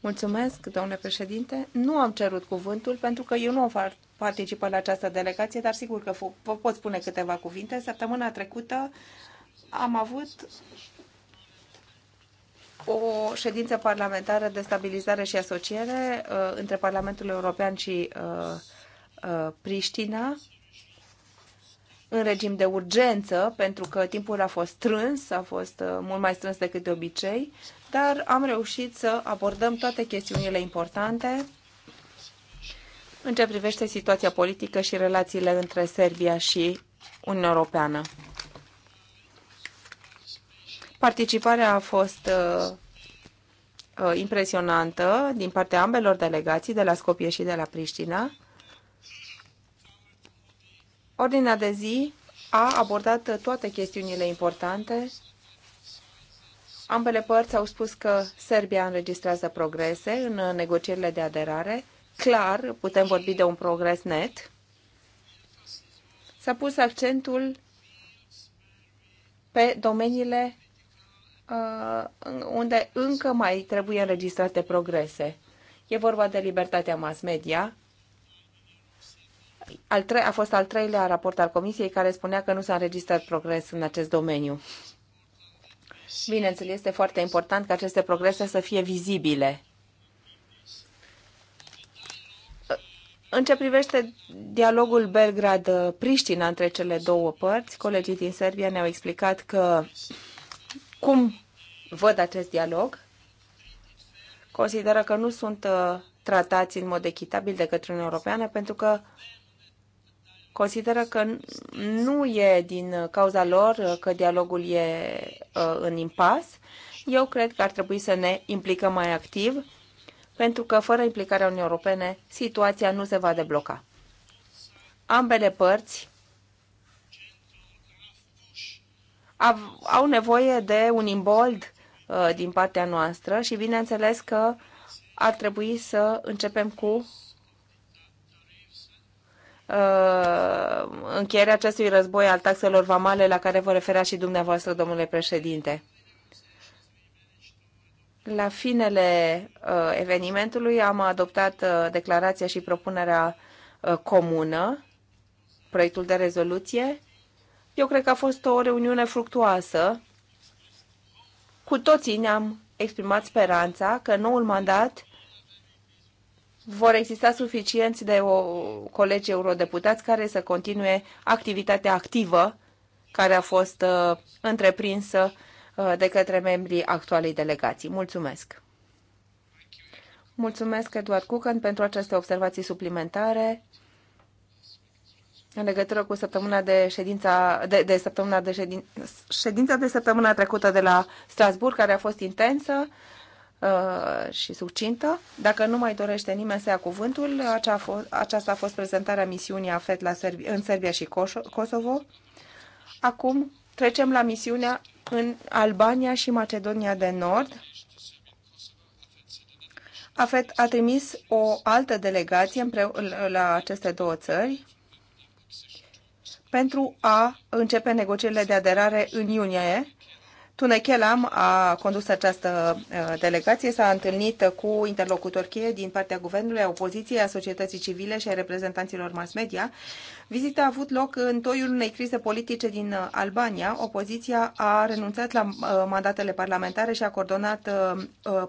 Mulțumesc, domnule președinte. Nu am cerut cuvântul pentru că eu nu am participat la această delegație, dar sigur că vă pot spune câteva cuvinte. Săptămâna trecută am avut o ședință parlamentară de stabilizare și asociere uh, între Parlamentul European și uh, uh, Priștina în regim de urgență, pentru că timpul a fost strâns, a fost mult mai strâns decât de obicei, dar am reușit să abordăm toate chestiunile importante în ce privește situația politică și relațiile între Serbia și Uniunea Europeană. Participarea a fost uh, uh, impresionantă din partea ambelor delegații, de la Scopie și de la Priștina. Ordinea de zi a abordat toate chestiunile importante. Ambele părți au spus că Serbia înregistrează progrese în negocierile de aderare. Clar, putem vorbi de un progres net. S-a pus accentul pe domeniile Uh, unde încă mai trebuie înregistrate progrese. E vorba de libertatea mass media. Al tre- a fost al treilea raport al Comisiei care spunea că nu s-a înregistrat progres în acest domeniu. Bineînțeles, este foarte important ca aceste progrese să fie vizibile. În ce privește dialogul Belgrad-Priștina între cele două părți, colegii din Serbia ne-au explicat că cum văd acest dialog. Consideră că nu sunt uh, tratați în mod echitabil de către Uniunea Europeană pentru că consideră că nu e din cauza lor uh, că dialogul e uh, în impas. Eu cred că ar trebui să ne implicăm mai activ pentru că fără implicarea Uniunii Europene situația nu se va debloca. Ambele părți au nevoie de un imbold uh, din partea noastră și bineînțeles că ar trebui să începem cu uh, încheierea acestui război al taxelor vamale la care vă referea și dumneavoastră, domnule președinte. La finele uh, evenimentului am adoptat declarația și propunerea comună, proiectul de rezoluție eu cred că a fost o reuniune fructuoasă. Cu toții ne-am exprimat speranța că noul mandat vor exista suficienți de o, colegi eurodeputați care să continue activitatea activă care a fost uh, întreprinsă uh, de către membrii actualei delegații. Mulțumesc! Mulțumesc, Eduard Cucan, pentru aceste observații suplimentare în legătură cu săptămâna de ședința de, de săptămâna de ședin, ședința de săptămâna trecută de la Strasburg, care a fost intensă uh, și succintă. Dacă nu mai dorește nimeni să ia cuvântul, acea fost, aceasta a fost prezentarea misiunii AFET la Serbi, în Serbia și Kosovo. Acum trecem la misiunea în Albania și Macedonia de Nord. AFET a trimis o altă delegație la aceste două țări pentru a începe negocierile de aderare în iunie Tunechelam a condus această uh, delegație, s-a întâlnit cu interlocutori cheie din partea guvernului, a opoziției, a societății civile și a reprezentanților mass media. Vizita a avut loc în toiul unei crize politice din uh, Albania. Opoziția a renunțat la uh, mandatele parlamentare și a coordonat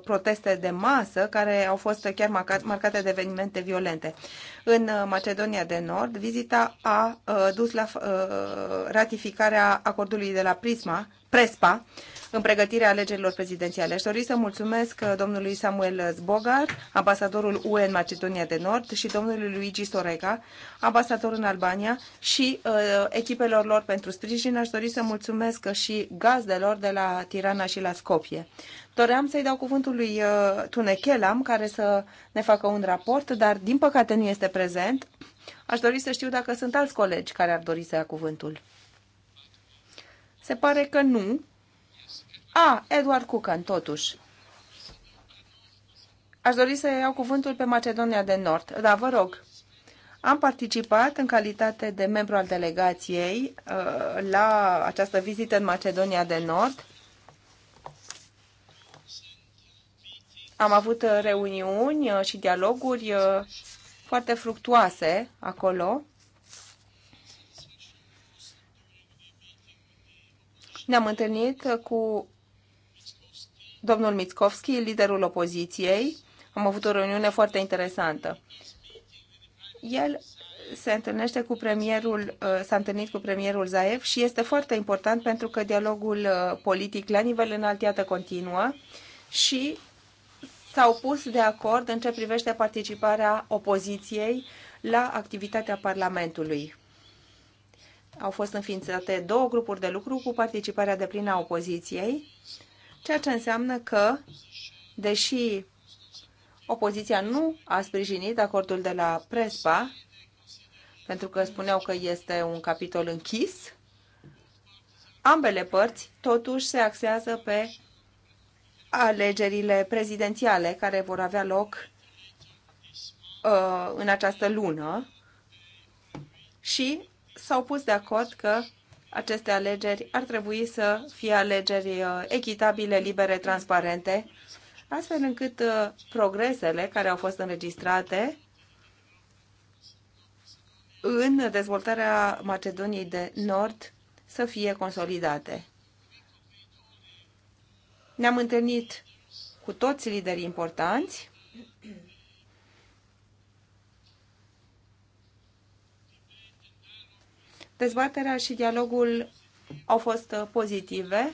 proteste de masă care au fost chiar marcate de evenimente violente. În Macedonia de Nord, vizita a dus la ratificarea acordului de la Prisma, Prespa în pregătirea alegerilor prezidențiale. Aș dori să mulțumesc uh, domnului Samuel Zbogar, ambasadorul UE în Macedonia de Nord și domnului Luigi Sorega, ambasador în Albania și uh, echipelor lor pentru sprijin. Aș dori să mulțumesc uh, și gazdelor de la Tirana și la Scopie. Doream să-i dau cuvântul lui uh, Tunechelam, care să ne facă un raport, dar din păcate nu este prezent. Aș dori să știu dacă sunt alți colegi care ar dori să ia cuvântul. Se pare că nu. A, Edward Cucan, totuși. Aș dori să iau cuvântul pe Macedonia de Nord. Da, vă rog. Am participat în calitate de membru al delegației uh, la această vizită în Macedonia de Nord. Am avut uh, reuniuni uh, și dialoguri foarte fructuoase acolo. Ne-am întâlnit cu domnul Mitkovski, liderul opoziției. Am avut o reuniune foarte interesantă. El se întâlnește cu premierul, uh, s-a întâlnit cu premierul Zaev și este foarte important pentru că dialogul uh, politic la nivel înalt, iată, continuă și s-au pus de acord în ce privește participarea opoziției la activitatea Parlamentului au fost înființate două grupuri de lucru cu participarea de plină a opoziției, ceea ce înseamnă că, deși opoziția nu a sprijinit acordul de la Prespa, pentru că spuneau că este un capitol închis, ambele părți totuși se axează pe alegerile prezidențiale care vor avea loc uh, în această lună și s-au pus de acord că aceste alegeri ar trebui să fie alegeri uh, echitabile, libere, transparente, astfel încât uh, progresele care au fost înregistrate în dezvoltarea Macedoniei de Nord să fie consolidate. Ne-am întâlnit cu toți liderii importanți Dezbaterea și dialogul au fost uh, pozitive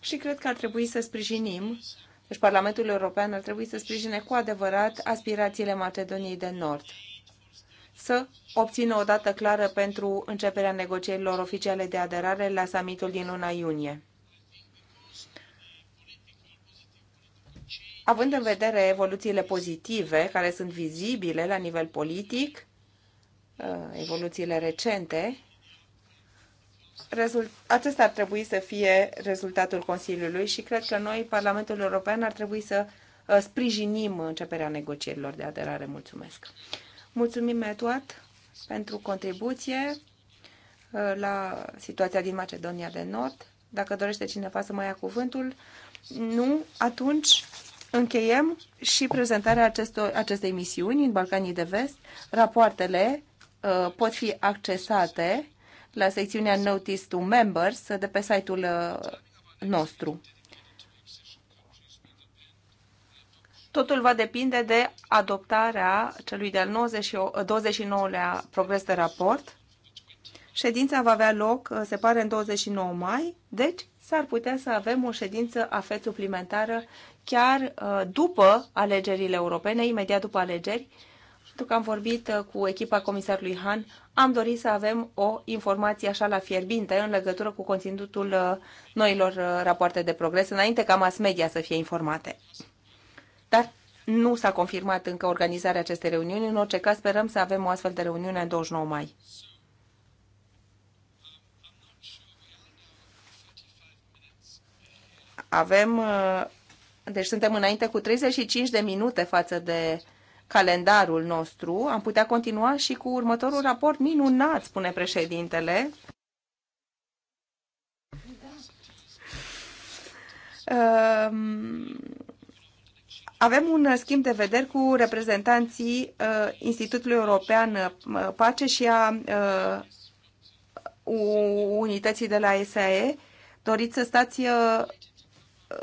și cred că ar trebui să sprijinim, deci Parlamentul European ar trebui să sprijine cu adevărat aspirațiile Macedoniei de Nord să obțină o dată clară pentru începerea negocierilor oficiale de aderare la summitul din luna iunie. Având în vedere evoluțiile pozitive care sunt vizibile la nivel politic, Uh, evoluțiile recente, rezult, acesta ar trebui să fie rezultatul Consiliului și cred că noi, Parlamentul European, ar trebui să uh, sprijinim începerea negocierilor de aderare. Mulțumesc! Mulțumim, Eduard, pentru contribuție uh, la situația din Macedonia de Nord. Dacă dorește cineva să mai ia cuvântul, nu, atunci încheiem și prezentarea acestor, acestei misiuni în Balcanii de Vest, rapoartele Uh, pot fi accesate la secțiunea Notice to Members de pe site-ul uh, nostru. Totul va depinde de adoptarea celui de-al 29-lea uh, progres de raport. Ședința va avea loc, se pare, în 29 mai, deci s-ar putea să avem o ședință a FED suplimentară chiar după alegerile europene, imediat după alegeri, pentru că am vorbit uh, cu echipa comisarului Han, am dorit să avem o informație așa la fierbinte în legătură cu conținutul uh, noilor uh, rapoarte de progres, înainte ca mass media să fie informate. Dar nu s-a confirmat încă organizarea acestei reuniuni. În orice caz, sperăm să avem o astfel de reuniune în 29 mai. Avem, deci suntem înainte cu 35 de minute față de calendarul nostru, am putea continua și cu următorul raport minunat, spune președintele. Ehm, avem un schimb de vederi cu reprezentanții eh, Institutului European eh, Pace și a eh, unității de la SAE. Doriți să stați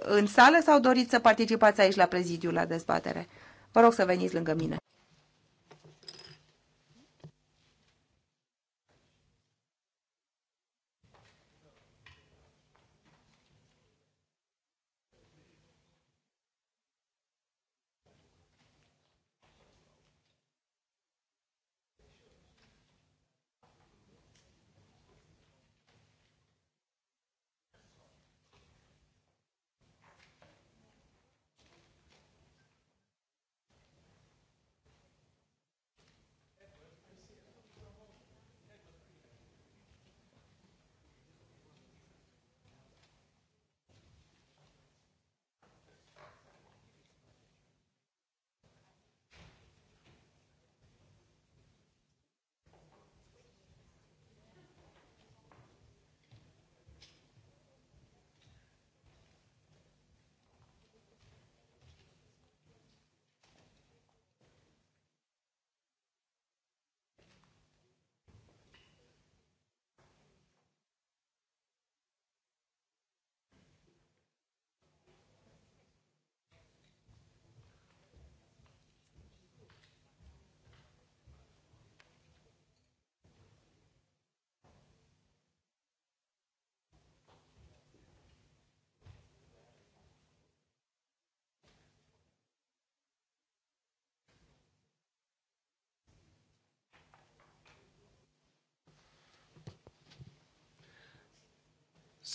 în sală sau doriți să participați aici la prezidiu la dezbatere? Vă rog să veniți lângă mine.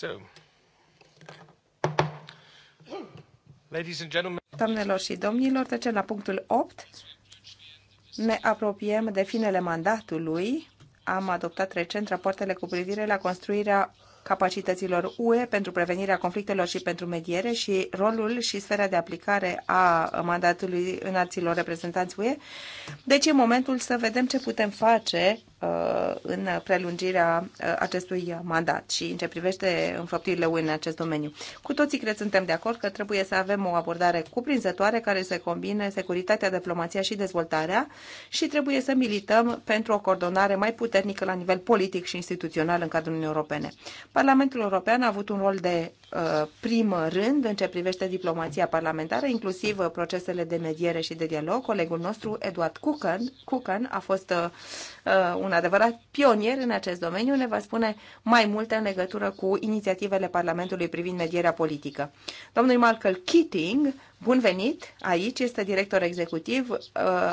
So, ladies and gentlemen. Doamnelor și domnilor, trecem la punctul 8. Ne apropiem de finele mandatului. Am adoptat recent rapoartele cu privire la construirea capacităților UE pentru prevenirea conflictelor și pentru mediere și rolul și sfera de aplicare a mandatului alților reprezentanți UE. Deci e momentul să vedem ce putem face Uh, în prelungirea uh, acestui mandat și în ce privește înfăptuirile UE în acest domeniu. Cu toții cred suntem de acord că trebuie să avem o abordare cuprinzătoare care să combine securitatea, diplomația și dezvoltarea și trebuie să milităm pentru o coordonare mai puternică la nivel politic și instituțional în cadrul Uniunii Europene. Parlamentul European a avut un rol de Uh, prim rând în ce privește diplomația parlamentară, inclusiv uh, procesele de mediere și de dialog. Colegul nostru, Eduard Cucan, Cucan a fost uh, un adevărat pionier în acest domeniu. Ne va spune mai multe în legătură cu inițiativele Parlamentului privind medierea politică. Domnul Michael Keating Bun venit! Aici este director executiv uh,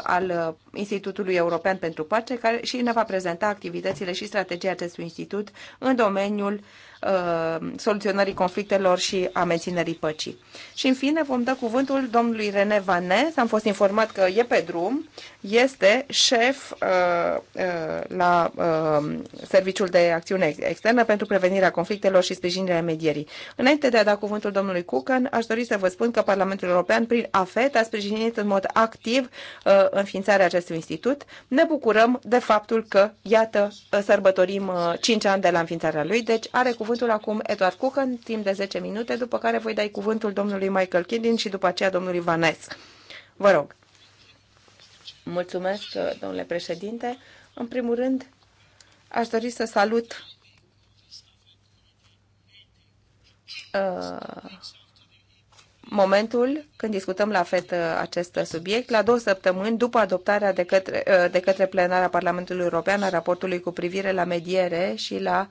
al uh, Institutului European pentru Pace care și ne va prezenta activitățile și strategia acestui institut în domeniul uh, soluționării conflictelor și a menținerii păcii. Și în fine vom da cuvântul domnului René Vanes. Am fost informat că e pe drum, este șef uh, uh, la uh, Serviciul de Acțiune Externă pentru prevenirea conflictelor și sprijinirea medierii. Înainte de a da cuvântul domnului Cucan, aș dori să vă spun că Parlamentul European, prin AFET, a sprijinit în mod activ uh, înființarea acestui institut. Ne bucurăm de faptul că, iată, uh, sărbătorim 5 uh, ani de la înființarea lui, deci are cuvântul acum Eduard Cucă în timp de 10 minute, după care voi dai cuvântul domnului Michael Kindin și după aceea domnului Vanes. Vă rog. Mulțumesc, domnule președinte. În primul rând, aș dori să salut momentul când discutăm la FET uh, acest subiect, la două săptămâni după adoptarea de către, uh, de către plenarea Parlamentului European a raportului cu privire la mediere și la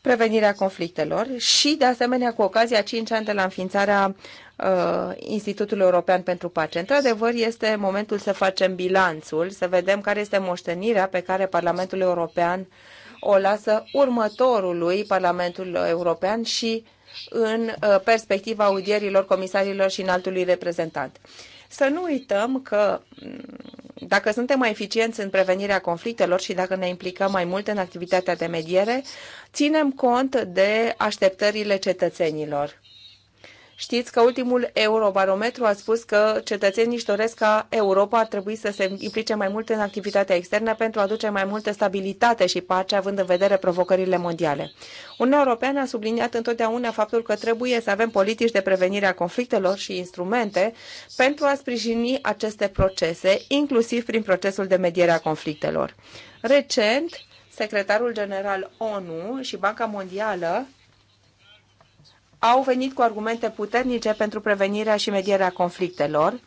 prevenirea conflictelor și, de asemenea, cu ocazia 5 ani de la înființarea uh, Institutului European pentru Pace. Într-adevăr, este momentul să facem bilanțul, să vedem care este moștenirea pe care Parlamentul European o lasă următorului Parlamentul European și uh, în uh, perspectiva audierilor comisarilor și înaltului reprezentant. Să nu uităm că mm, dacă suntem mai eficienți în prevenirea conflictelor și dacă ne implicăm mai mult în activitatea de mediere, ținem cont de așteptările cetățenilor Știți că ultimul eurobarometru a spus că cetățenii își doresc ca Europa ar trebui să se implice mai mult în activitatea externă pentru a aduce mai multă stabilitate și pace, având în vedere provocările mondiale. Uniunea Europeană a subliniat întotdeauna faptul că trebuie să avem politici de prevenire a conflictelor și instrumente pentru a sprijini aceste procese, inclusiv prin procesul de mediere a conflictelor. Recent, secretarul general ONU și Banca Mondială au venit cu argumente puternice pentru prevenirea și medierea conflictelor,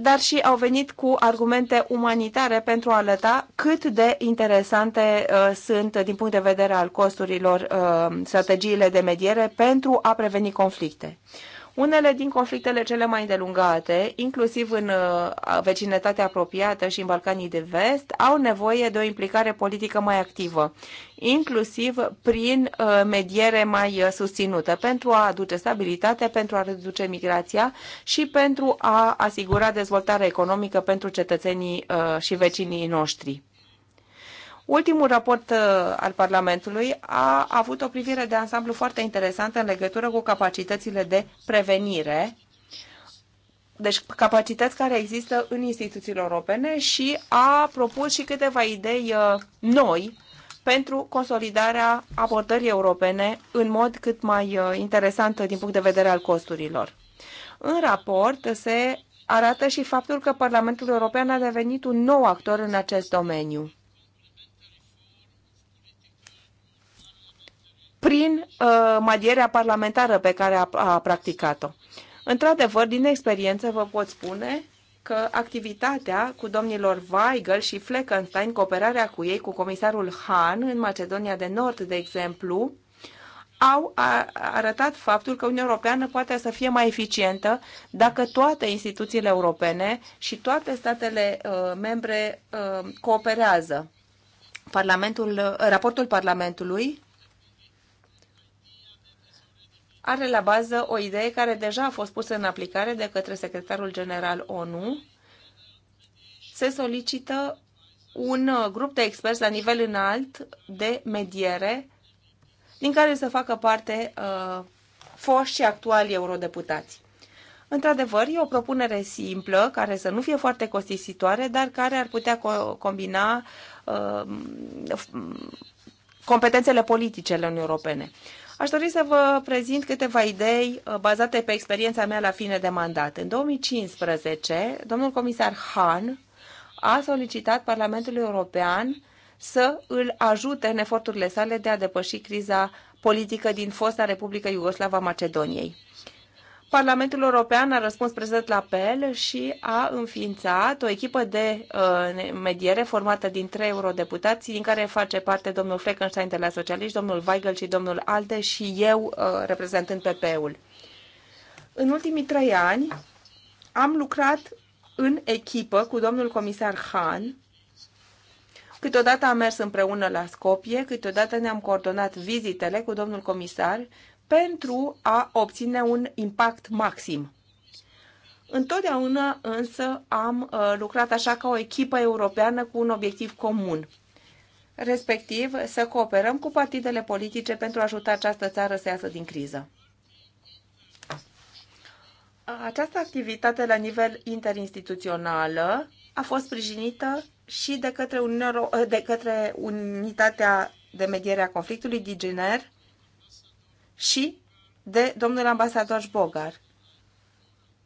dar și au venit cu argumente umanitare pentru a arăta cât de interesante uh, sunt, din punct de vedere al costurilor, uh, strategiile de mediere pentru a preveni conflicte. Uh, unele din conflictele cele mai îndelungate, inclusiv în uh, vecinătatea apropiată și în Balcanii de Vest, au nevoie de o implicare politică mai activă, inclusiv prin uh, mediere mai uh, susținută, pentru a aduce stabilitate, pentru a reduce migrația și pentru a asigura dezvoltare economică pentru cetățenii și vecinii noștri. Ultimul raport uh, al Parlamentului a avut o privire de ansamblu foarte interesantă în legătură cu capacitățile de prevenire, deci capacități care există în instituțiile europene și a propus și câteva idei uh, noi pentru consolidarea abordării europene în mod cât mai uh, interesant din punct de vedere al costurilor. În raport se arată și faptul că Parlamentul European a devenit un nou actor în acest domeniu prin uh, madierea parlamentară pe care a, a practicat-o. Într-adevăr, din experiență vă pot spune că activitatea cu domnilor Weigel și Fleckenstein, cooperarea cu ei, cu comisarul Hahn în Macedonia de Nord, de exemplu, au arătat faptul că Uniunea Europeană poate să fie mai eficientă dacă toate instituțiile europene și toate statele uh, membre uh, cooperează. Parlamentul, uh, raportul Parlamentului are la bază o idee care deja a fost pusă în aplicare de către secretarul general ONU. Se solicită un uh, grup de experți la nivel înalt de mediere, din care să facă parte uh, foști și actuali eurodeputați. Într-adevăr, e o propunere simplă, care să nu fie foarte costisitoare, dar care ar putea co- combina uh, competențele politice ale Uniunii Europene. Aș dori să vă prezint câteva idei uh, bazate pe experiența mea la fine de mandat. În 2015, domnul comisar Han a solicitat Parlamentului European să îl ajute în eforturile sale de a depăși criza politică din fosta Republică Iugoslava Macedoniei. Parlamentul European a răspuns prezent la apel și a înființat o echipă de uh, mediere formată din trei eurodeputați, din care face parte domnul Fleckenstein de la Socialiști, domnul Weigel și domnul Alde și eu uh, reprezentând PP-ul. În ultimii trei ani am lucrat în echipă cu domnul comisar Han, Câteodată am mers împreună la Scopie, câteodată ne-am coordonat vizitele cu domnul comisar pentru a obține un impact maxim. Întotdeauna însă am uh, lucrat așa ca o echipă europeană cu un obiectiv comun, respectiv să cooperăm cu partidele politice pentru a ajuta această țară să iasă din criză. Această activitate la nivel interinstituțional a fost sprijinită și de către, de către Unitatea de Mediere a Conflictului, DGNR, și de domnul ambasador Bogar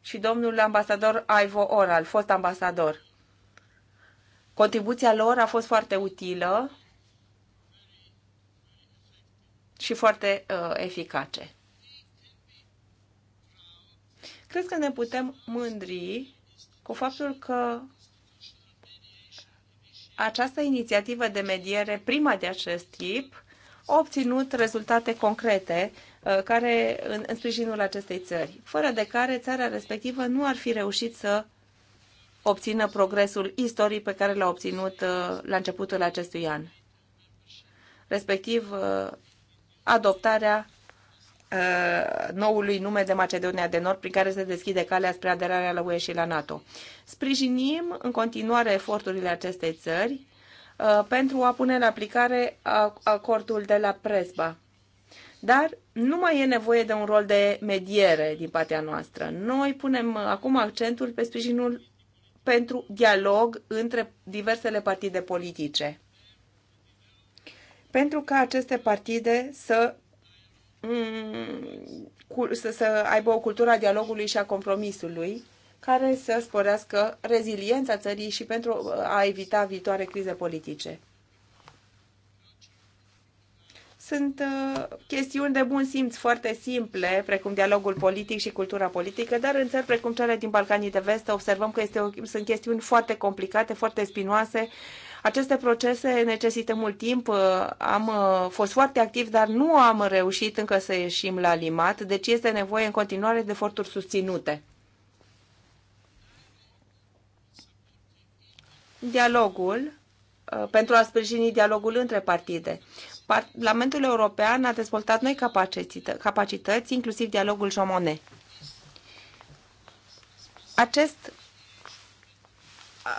și domnul ambasador Ivo Oral, fost ambasador. Contribuția lor a fost foarte utilă și foarte uh, eficace. Cred că ne putem mândri cu faptul că această inițiativă de mediere, prima de acest tip, obținut rezultate concrete uh, care, în, în sprijinul acestei țări, fără de care țara respectivă nu ar fi reușit să obțină progresul istoric pe care l-a obținut uh, la începutul acestui an, respectiv uh, adoptarea noului nume de Macedonia de Nord, prin care se deschide calea spre aderarea la UE și la NATO. Sprijinim în continuare eforturile acestei țări Uh, pentru a pune în aplicare acordul de la Presba. Dar nu mai e nevoie de un rol de mediere din partea noastră. Noi punem uh, acum accentul pe sprijinul pentru dialog între diversele partide politice. Pentru ca aceste partide să, mm, să, să aibă o cultură a dialogului și a compromisului care să sporească reziliența țării și pentru uh, a evita viitoare crize politice. Sunt uh, chestiuni de bun simț foarte simple, precum dialogul politic și cultura politică, dar în țări precum cele din Balcanii de Vest observăm că este o, sunt chestiuni foarte complicate, foarte spinoase, aceste procese necesită mult timp. Uh, am fost foarte activ, dar nu am reușit încă să ieșim la limat, deci este nevoie în continuare de eforturi susținute. dialogul, uh, pentru a sprijini dialogul între partide. Parlamentul European a dezvoltat noi capacități, capacități inclusiv dialogul Jomone. Acest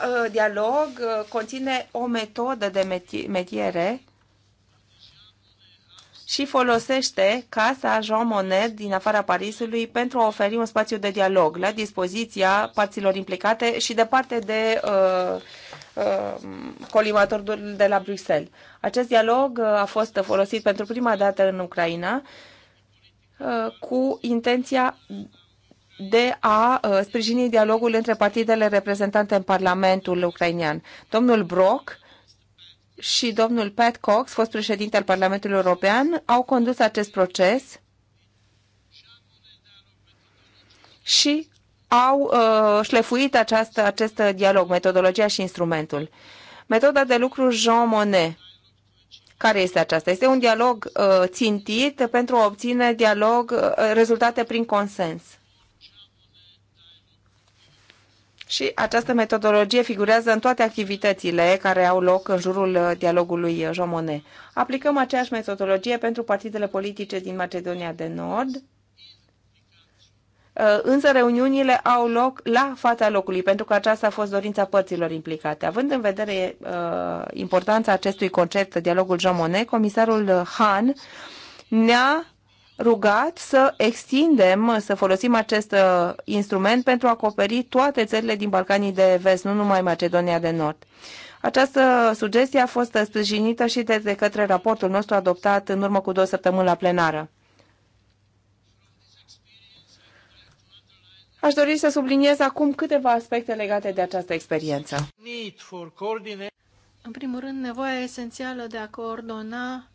uh, dialog uh, conține o metodă de mediere și folosește Casa Jean Monnet din afara Parisului pentru a oferi un spațiu de dialog la dispoziția părților implicate și departe de uh, Uh, colimatorul de la Bruxelles. Acest dialog uh, a fost folosit pentru prima dată în Ucraina uh, cu intenția de a sprijini dialogul între partidele reprezentante în Parlamentul ucrainian. Domnul Brock și domnul Pat Cox, fost președinte al Parlamentului European, au condus acest proces și au uh, șlefuit această, acest dialog, metodologia și instrumentul. Metoda de lucru Jean Monnet. Care este aceasta? Este un dialog uh, țintit pentru a obține dialog, uh, rezultate prin consens. Și această metodologie figurează în toate activitățile care au loc în jurul uh, dialogului uh, Jomone. Aplicăm aceeași metodologie pentru partidele politice din Macedonia de Nord Uh, însă reuniunile au loc la fața locului, pentru că aceasta a fost dorința părților implicate. Având în vedere uh, importanța acestui concept, dialogul Jean Monnet, comisarul Han ne-a rugat să extindem, să folosim acest uh, instrument pentru a acoperi toate țările din Balcanii de Vest, nu numai Macedonia de Nord. Această sugestie a fost sprijinită și de, de către raportul nostru adoptat în urmă cu două săptămâni la plenară. Aș dori să subliniez acum câteva aspecte legate de această experiență. În primul rând, nevoia esențială de a coordona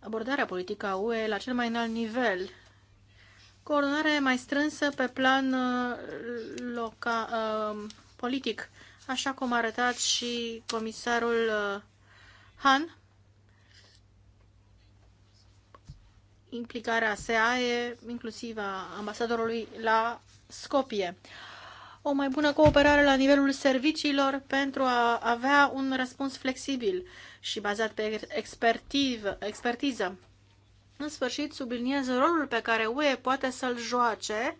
abordarea politică a UE la cel mai înalt nivel. Coordonare mai strânsă pe plan uh, loca, uh, politic, așa cum a arătat și comisarul uh, Han. Implicarea SEAE, inclusiv a ambasadorului la Scopie. O mai bună cooperare la nivelul serviciilor pentru a avea un răspuns flexibil și bazat pe expertiv, expertiză. În sfârșit, subliniez rolul pe care UE poate să-l joace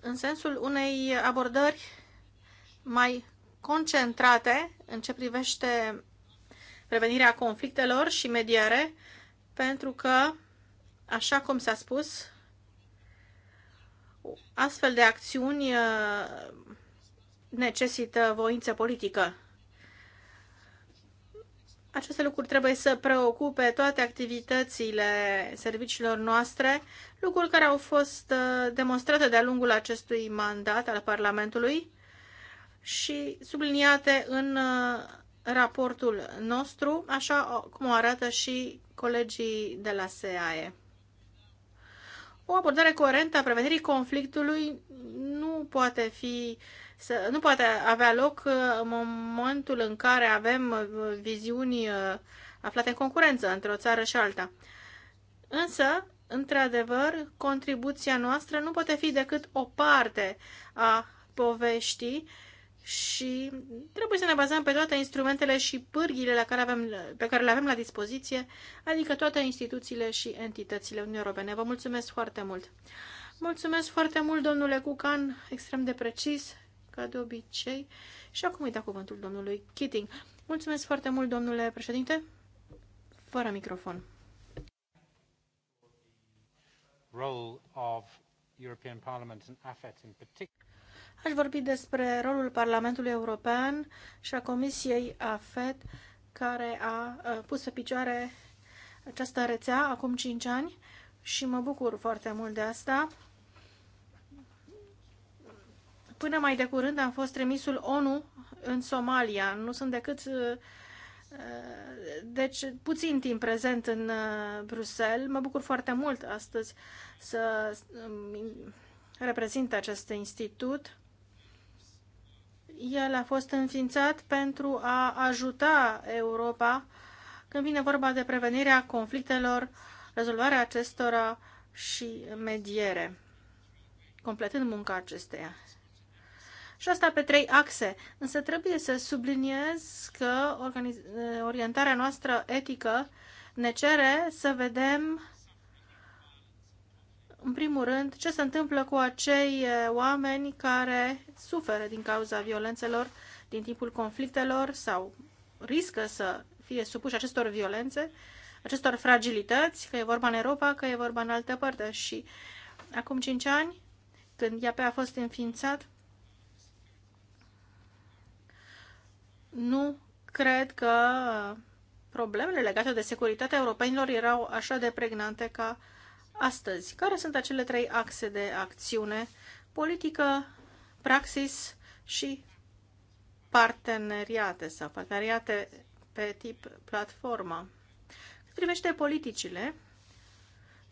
în sensul unei abordări mai concentrate în ce privește prevenirea conflictelor și mediare, pentru că, așa cum s-a spus, Astfel de acțiuni uh, necesită voință politică. Aceste lucruri trebuie să preocupe toate activitățile serviciilor noastre, lucruri care au fost uh, demonstrate de-a lungul acestui mandat al Parlamentului și subliniate în uh, raportul nostru, așa cum o arată și colegii de la SEAE. O abordare coerentă a prevenirii conflictului nu poate fi să, nu poate avea loc uh, în momentul în care avem uh, viziuni uh, aflate în concurență între o țară și alta. Însă, într-adevăr, contribuția noastră nu poate fi decât o parte a poveștii și trebuie să ne bazăm pe toate instrumentele și pârghile la care avem, pe care le avem la dispoziție, adică toate instituțiile și entitățile Uniunii Europene. Vă mulțumesc foarte mult! Mulțumesc foarte mult, domnule Cucan, extrem de precis, ca de obicei. Și acum uita cuvântul domnului Keating. Mulțumesc foarte mult, domnule președinte, fără microfon. Role of European Parliament and AFET in particular Aș vorbi despre rolul Parlamentului European și a Comisiei AFET, care a pus pe picioare această rețea acum 5 ani și mă bucur foarte mult de asta. Până mai de curând am fost trimisul ONU în Somalia. Nu sunt decât deci puțin timp prezent în Bruxelles. Mă bucur foarte mult astăzi să reprezint acest institut el a fost înființat pentru a ajuta Europa când vine vorba de prevenirea conflictelor, rezolvarea acestora și mediere, completând munca acesteia. Și asta pe trei axe. Însă trebuie să subliniez că orientarea noastră etică ne cere să vedem în primul rând, ce se întâmplă cu acei eh, oameni care suferă din cauza violențelor din timpul conflictelor sau riscă să fie supuși acestor violențe, acestor fragilități, că e vorba în Europa, că e vorba în altă parte. Și acum 5 ani, când IAP a fost înființat, nu cred că eh, problemele legate de securitatea europenilor erau așa de pregnante ca uh, astăzi. Care sunt acele trei axe de acțiune? Politică, praxis și parteneriate sau parteneriate pe tip platformă. Cât privește politicile,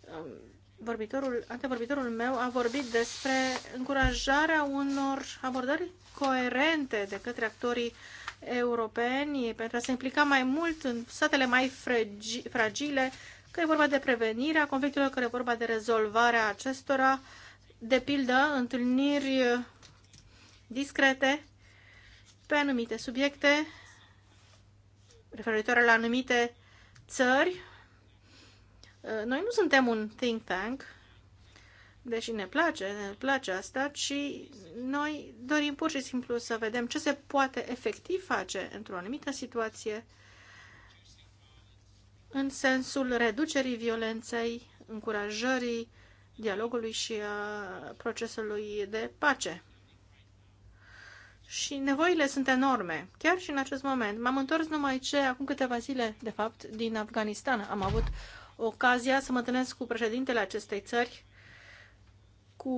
um, vorbitorul, antevorbitorul meu a vorbit despre încurajarea unor abordări coerente de către actorii europeni pentru a se implica mai mult în statele mai fragile că e vorba de prevenirea conflictelor, că e vorba de rezolvarea acestora, de pildă întâlniri discrete pe anumite subiecte referitoare la anumite țări. Noi nu suntem un think tank, deși ne place, ne place asta, ci noi dorim pur și simplu să vedem ce se poate efectiv face într-o anumită situație în sensul reducerii violenței, încurajării dialogului și a procesului de pace. Și nevoile sunt enorme, chiar și în acest moment. M-am întors numai ce, acum câteva zile, de fapt, din Afganistan. Am avut ocazia să mă întâlnesc cu președintele acestei țări, cu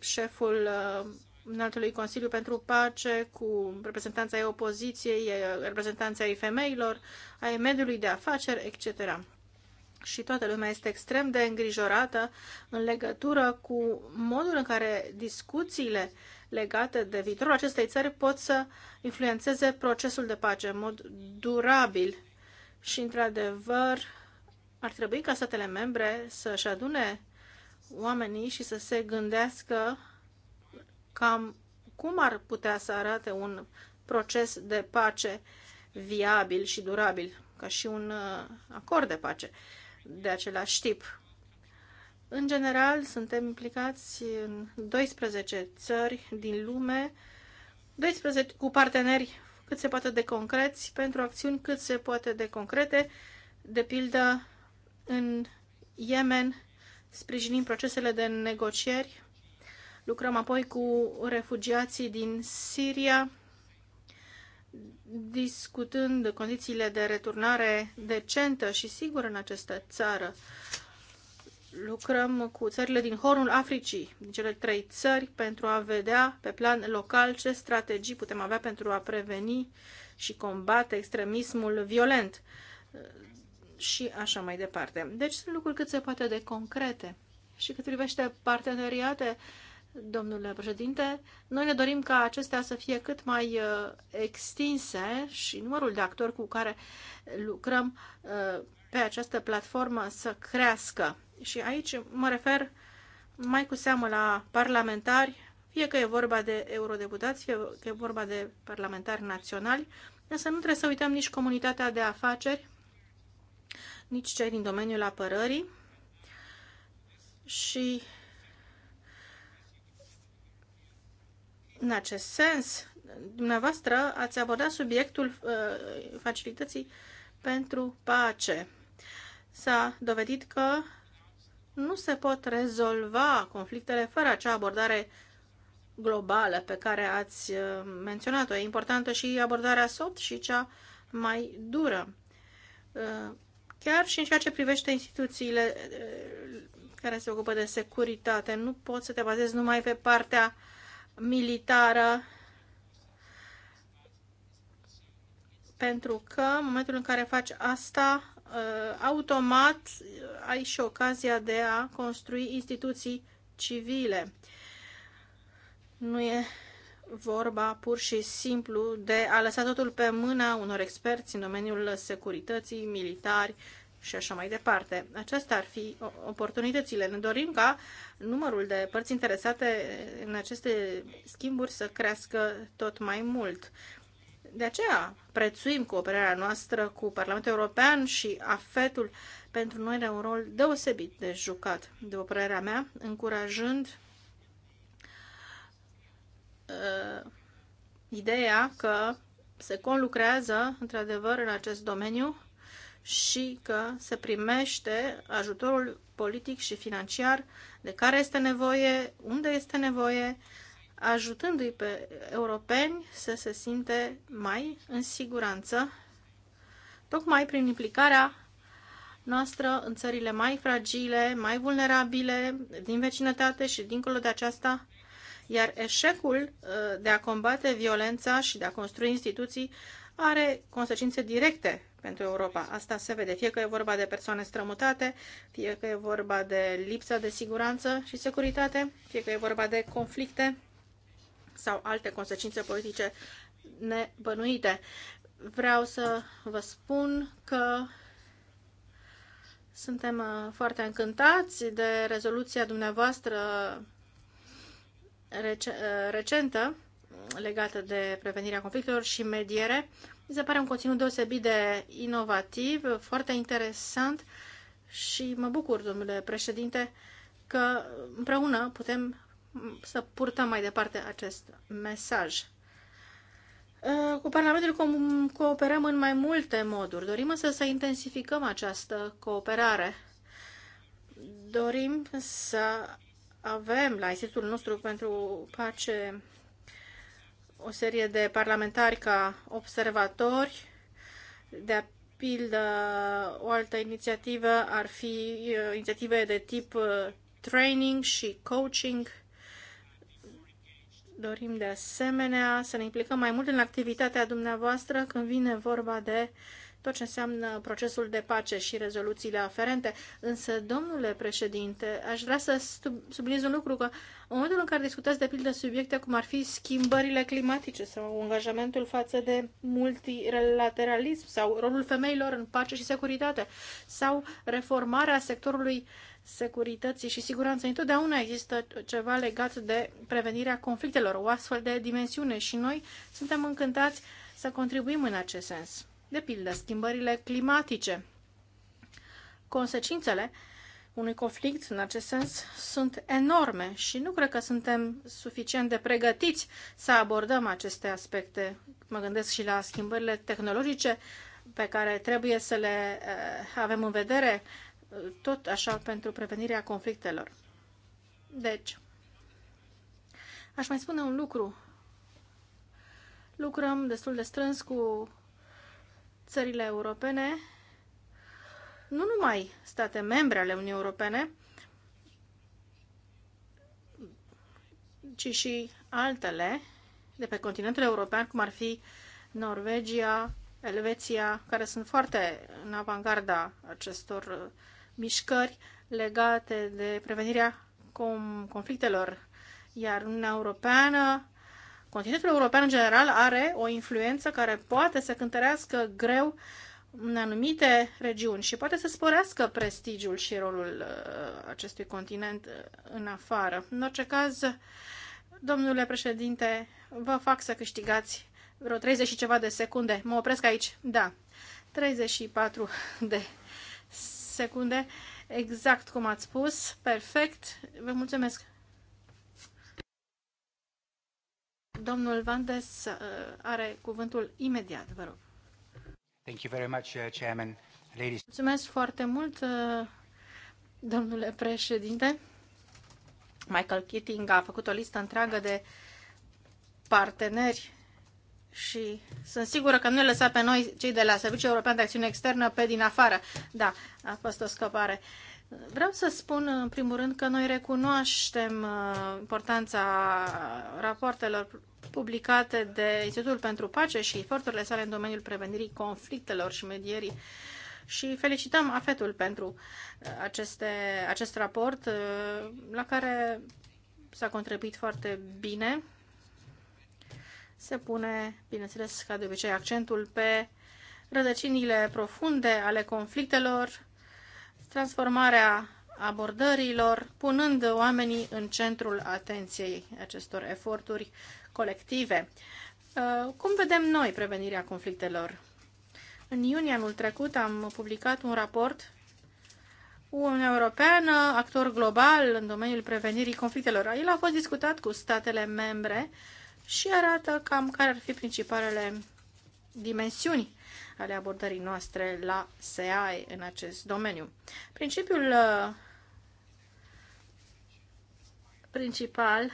șeful uh, înaltului Consiliu pentru Pace cu reprezentanța ai opoziției, reprezentanța ai femeilor, ai mediului de afaceri, etc. Și toată lumea este extrem de îngrijorată în legătură cu modul în care discuțiile legate de viitorul acestei țări pot să influențeze procesul de pace în mod durabil. Și, într-adevăr, ar trebui ca statele membre să-și adune oamenii și să se gândească cam cum ar putea să arate un proces de pace viabil și durabil, ca și un uh, acord de pace de același tip. În general, suntem implicați în 12 țări din lume, 12 cu parteneri cât se poate de concreți, pentru acțiuni cât se poate de concrete. De pildă, în Yemen sprijinim procesele de negocieri Lucrăm apoi cu refugiații din Siria, discutând condițiile de returnare decentă și sigură în această țară. Lucrăm cu țările din Hornul Africii, din cele trei țări, pentru a vedea pe plan local ce strategii putem avea pentru a preveni și combate extremismul violent și așa mai departe. Deci sunt lucruri cât se poate de concrete. Și cât privește parteneriate, uh, domnule președinte. Noi ne dorim ca acestea să fie cât mai uh, extinse și numărul de actori cu care lucrăm uh, pe această platformă să crească. Și aici mă refer mai cu seamă la parlamentari, fie că e vorba de eurodeputați, fie că e vorba de parlamentari naționali, însă nu trebuie să uităm nici comunitatea de afaceri, nici cei din domeniul apărării și În acest sens, dumneavoastră ați abordat subiectul uh, facilității pentru pace. S-a dovedit că nu se pot rezolva conflictele fără acea abordare globală pe care ați uh, menționat-o. E importantă și abordarea soft și cea mai dură. Uh, chiar și în ceea ce privește instituțiile care se ocupă de securitate, nu poți să te bazezi numai pe partea uh, militară pentru că în momentul în care faci asta, uh, automat uh, ai și ocazia de a construi instituții civile. Nu e vorba pur și simplu de a lăsa totul pe mâna unor experți în domeniul securității, militari și așa mai departe. Acestea ar fi oportunitățile. Ne dorim ca numărul de părți interesate în aceste schimburi să crească tot mai mult. De aceea prețuim cooperarea noastră cu Parlamentul European și AFET-ul pentru noi are un rol deosebit de jucat, o părerea mea, încurajând uh, ideea că se conlucrează, într-adevăr, în acest domeniu și că se primește ajutorul politic și financiar de care este nevoie, unde este nevoie, ajutându-i pe europeni să se simte mai în siguranță, tocmai prin implicarea noastră în țările mai fragile, mai vulnerabile, din vecinătate și dincolo de aceasta, iar eșecul uh, de a combate violența și de a construi instituții are consecințe directe pentru Europa. Asta se vede, fie că e vorba de persoane strămutate, fie că e vorba de lipsa de siguranță și securitate, fie că e vorba de conflicte sau alte consecințe politice nebănuite. Vreau să vă spun că suntem uh, foarte încântați de rezoluția dumneavoastră uh, recentă legată de prevenirea conflictelor și mediere. Mi se pare un conținut deosebit de inovativ, foarte interesant și mă bucur, domnule președinte, că împreună putem să purtăm mai departe acest mesaj. Uh, cu Parlamentul cooperăm în mai multe moduri. Dorim însă să intensificăm această cooperare. Dorim să avem la Institutul nostru pentru pace o serie de parlamentari ca observatori. De pildă, o altă inițiativă ar fi uh, inițiative de tip uh, training și coaching. Dorim de asemenea să ne implicăm mai mult în activitatea dumneavoastră când vine vorba de tot ce înseamnă procesul de pace și rezoluțiile aferente. Însă, domnule președinte, aș vrea să subliniez un lucru, că în momentul în care discutați de pildă subiecte cum ar fi schimbările climatice sau angajamentul față de multilateralism sau rolul femeilor în pace și securitate sau reformarea sectorului securității și siguranță. întotdeauna există ceva legat de prevenirea conflictelor, o astfel de dimensiune și noi suntem încântați să contribuim în acest sens de pildă schimbările climatice. Consecințele unui conflict în acest sens sunt enorme și nu cred că suntem suficient de pregătiți să abordăm aceste aspecte. Mă gândesc și la schimbările tehnologice pe care trebuie să le eh, avem în vedere, eh, tot așa pentru prevenirea conflictelor. Deci, aș mai spune un lucru. Lucrăm destul de strâns cu țările europene, nu numai state membre ale Uniunii Europene, ci și altele de pe continentul european, cum ar fi Norvegia, Elveția, care sunt foarte în avangarda acestor uh, mișcări legate de prevenirea conflictelor. Iar Uniunea Europeană Continentul european în general are o influență care poate să cântărească greu în anumite regiuni și poate să sporească prestigiul și rolul uh, acestui continent uh, în afară. În orice caz, domnule președinte, vă fac să câștigați vreo 30 și ceva de secunde. Mă opresc aici? Da. 34 de secunde. Exact cum ați spus. Perfect. Vă mulțumesc. Domnul Vandes uh, are cuvântul imediat, vă rog. Thank you very much, uh, Chairman. Ladies. Mulțumesc foarte mult, uh, domnule președinte. Michael Keating a făcut o listă întreagă de parteneri și sunt sigură că nu ne lăsa pe noi, cei de la Serviciul European de Acțiune Externă, pe din afară. Da, a fost o scăpare. Vreau să spun, în primul rând, că noi recunoaștem importanța rapoartelor publicate de Institutul pentru Pace și eforturile sale în domeniul prevenirii conflictelor și medierii. Și felicităm afetul pentru uh, aceste, acest raport uh, la care s-a contribuit foarte bine. Se pune, bineînțeles, ca de obicei, accentul pe rădăcinile profunde ale conflictelor, transformarea abordărilor, punând oamenii în centrul atenției acestor eforturi colective. Uh, cum vedem noi prevenirea conflictelor? În iunie anul trecut am publicat un raport Uniunea Europeană, actor global în domeniul prevenirii conflictelor. El a fost discutat cu statele membre și arată cam care ar fi principalele dimensiuni ale abordării noastre la SEAE în acest domeniu. Principiul uh, principal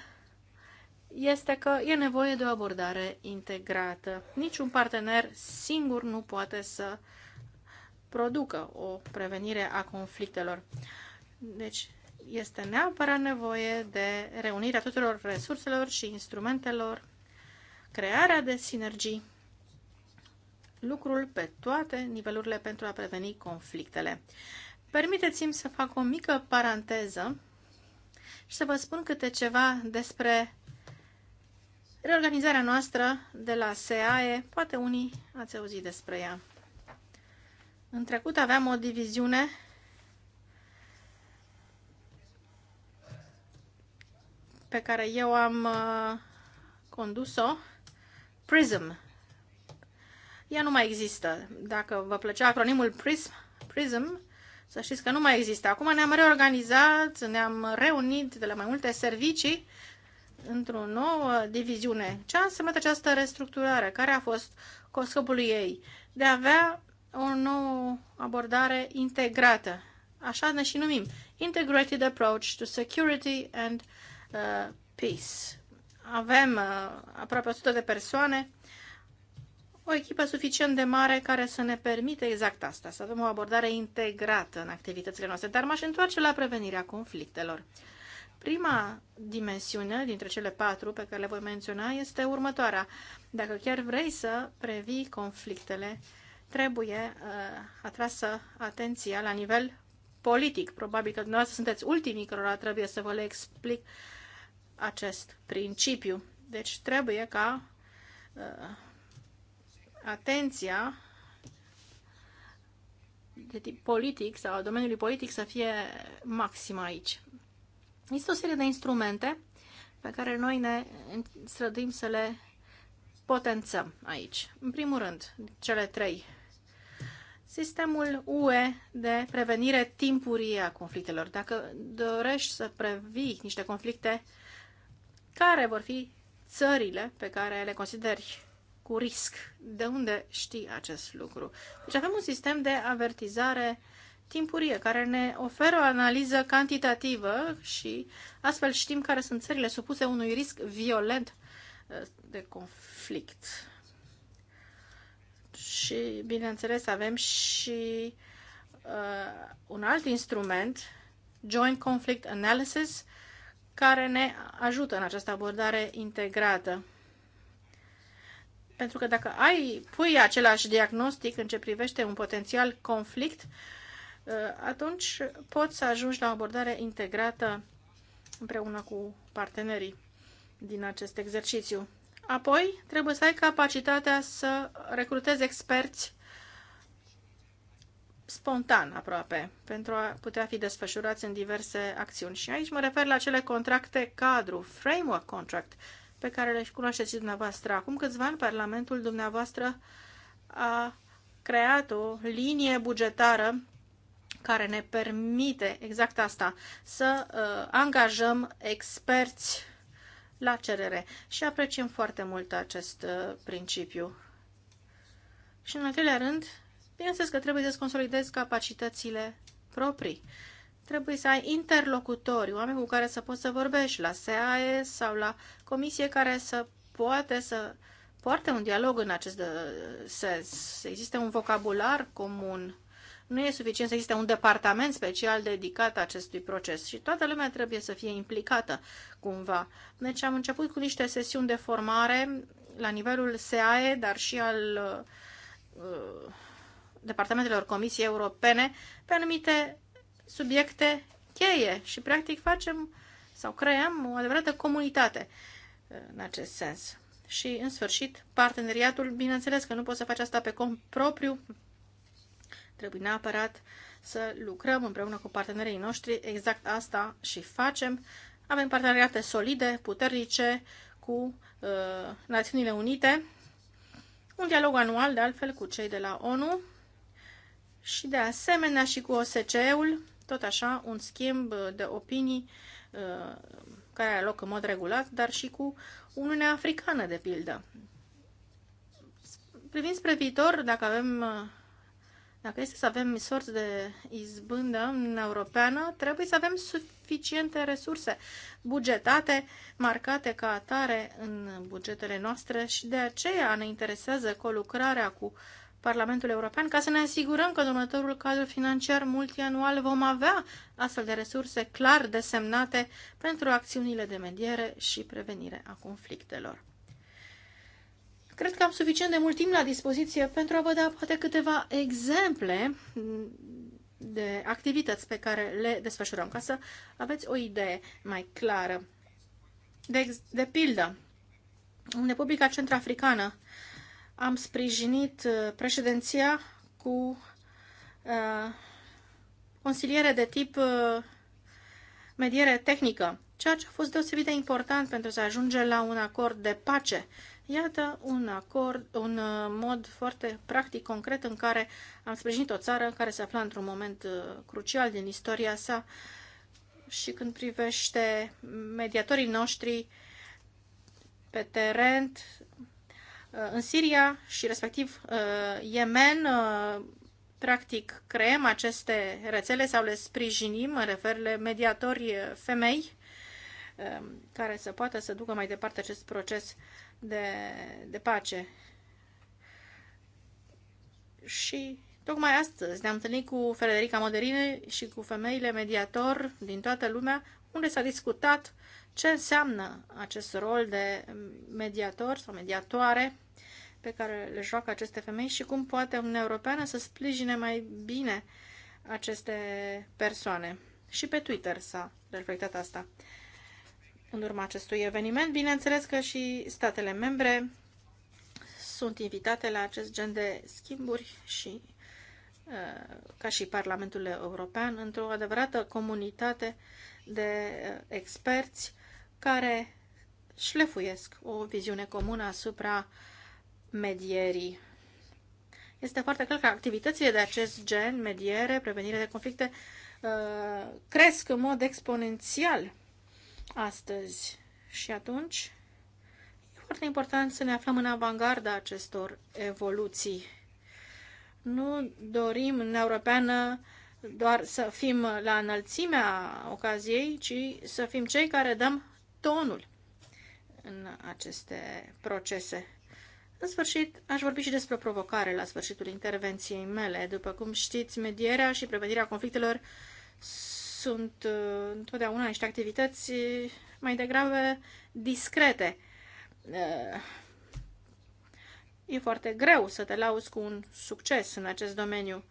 este că e nevoie de o abordare integrată. Niciun partener singur nu poate să producă o prevenire a conflictelor. Deci este neapărat nevoie de reunirea tuturor resurselor și instrumentelor, crearea de sinergii, lucrul pe toate nivelurile pentru a preveni conflictele. Permiteți-mi să fac o mică paranteză și să vă spun câte ceva despre reorganizarea noastră de la SEAE. Poate unii ați auzit despre ea. În trecut aveam o diviziune pe care eu am uh, condus-o, PRISM. Ea nu mai există. Dacă vă plăcea acronimul PRISM, PRISM să știți că nu mai există. Acum ne-am reorganizat, ne-am reunit de la mai multe servicii într-o nouă diviziune. Ce a însemnat această restructurare? Care a fost scopul ei? De a avea o nouă abordare integrată. Așa ne și numim. Integrated Approach to Security and uh, Peace. Avem uh, aproape 100 de persoane o echipă suficient de mare care să ne permite exact asta, să avem o abordare integrată în activitățile noastre. Dar m-aș întoarce la prevenirea conflictelor. Prima dimensiune dintre cele patru pe care le voi menționa este următoarea. Dacă chiar vrei să previi conflictele, trebuie uh, atrasă atenția la nivel politic. Probabil că dumneavoastră sunteți ultimii cărora trebuie să vă le explic acest principiu. Deci trebuie ca uh, atenția de tip politic sau domeniului politic să fie maximă aici. Este o serie de instrumente pe care noi ne străduim să le potențăm aici. În primul rând, cele trei. Sistemul UE de prevenire timpurie a conflictelor. Dacă dorești să previi niște conflicte, care vor fi țările pe care le consideri cu risc. De unde știi acest lucru? Deci avem un sistem de avertizare timpurie care ne oferă o analiză cantitativă și astfel știm care sunt țările supuse unui risc violent uh, de conflict. Și, bineînțeles, avem și uh, un alt instrument, Joint Conflict Analysis, care ne ajută în această abordare integrată. Pentru că dacă ai, pui același diagnostic în ce privește un potențial conflict, uh, atunci poți să ajungi la o abordare integrată împreună cu partenerii din acest exercițiu. Apoi, trebuie să ai capacitatea să recrutezi experți spontan aproape, pentru a putea fi desfășurați în diverse acțiuni. Și aici mă refer la cele contracte cadru, framework contract, pe care le cunoașteți și dumneavoastră. Acum câțiva ani, Parlamentul dumneavoastră a creat o linie bugetară care ne permite exact asta, să uh, angajăm experți la cerere și apreciem foarte mult acest uh, principiu. Și în al treilea rând, bineînțeles că trebuie să consolidezi capacitățile proprii. Uh, Trebuie să ai interlocutori, oameni cu care să poți să vorbești la SAE sau la comisie care să poate să poarte un dialog în acest uh, sens, să existe un vocabular comun. Nu e suficient să existe un departament special dedicat acestui proces și toată lumea trebuie să fie implicată cumva. Deci am început cu niște sesiuni de formare la nivelul SEAE, dar și al uh, uh, departamentelor Comisiei Europene pe anumite subiecte cheie și practic facem sau creăm o adevărată comunitate uh, în acest sens. Și, în sfârșit, parteneriatul, bineînțeles că nu poți să faci asta pe cont propriu, trebuie neapărat să lucrăm împreună cu partenerii noștri, exact asta și facem. Avem parteneriate solide, puternice cu uh, Națiunile Unite, un dialog anual, de altfel, cu cei de la ONU și, de asemenea, și cu OSCE-ul, tot așa, un schimb de opinii uh, care are loc în mod regulat, dar și cu Uniunea Africană, de pildă. Privind spre viitor, dacă avem uh, dacă este să avem sorți de izbândă în europeană, trebuie să avem suficiente resurse bugetate, marcate ca atare în bugetele noastre și de aceea ne interesează colucrarea cu Parlamentul European ca să ne asigurăm că în următorul cadru financiar multianual vom avea astfel de resurse clar desemnate pentru acțiunile de mediere și prevenire a conflictelor. Cred că am suficient de mult timp la dispoziție pentru a vă da poate câteva exemple de activități pe care le desfășurăm, ca să aveți o idee mai clară. De, de pildă, în Republica Centrafricană am sprijinit uh, președinția cu uh, consiliere de tip uh, mediere tehnică, ceea ce a fost deosebit de important pentru să ajunge la un acord de pace. Iată un acord, un mod foarte practic, concret, în care am sprijinit o țară care se afla într-un moment crucial din istoria sa și când privește mediatorii noștri pe teren, Uh, în Siria și respectiv uh, Yemen, uh, practic creăm aceste rețele sau le sprijinim, mă refer la mediatori femei, um, care să poată să ducă mai departe acest proces de, de pace. Și tocmai astăzi ne-am întâlnit cu Federica Moderine și cu femeile mediator din toată lumea, unde s-a discutat ce înseamnă acest rol de mediator sau mediatoare pe care le joacă aceste femei și cum poate Uniunea Europeană să sprijine mai bine aceste persoane. Și pe Twitter s-a reflectat asta. În urma acestui eveniment, bineînțeles că și statele membre sunt invitate la acest gen de schimburi și uh, ca și Parlamentul European, într-o adevărată comunitate de uh, experți care șlefuiesc o viziune comună asupra medierii. Este foarte clar că activitățile de acest gen, mediere, prevenire de conflicte, uh, cresc în mod exponențial astăzi. Și atunci e foarte important să ne aflăm în avangarda acestor evoluții. Nu dorim în Europeană doar să fim la înălțimea ocaziei, ci să fim cei care dăm tonul în aceste procese. În sfârșit, aș vorbi și despre provocare la sfârșitul intervenției mele. După cum știți, medierea și prevenirea conflictelor sunt uh, întotdeauna niște activități mai degrabă discrete. Uh, e foarte greu să te lauzi cu un succes în acest domeniu.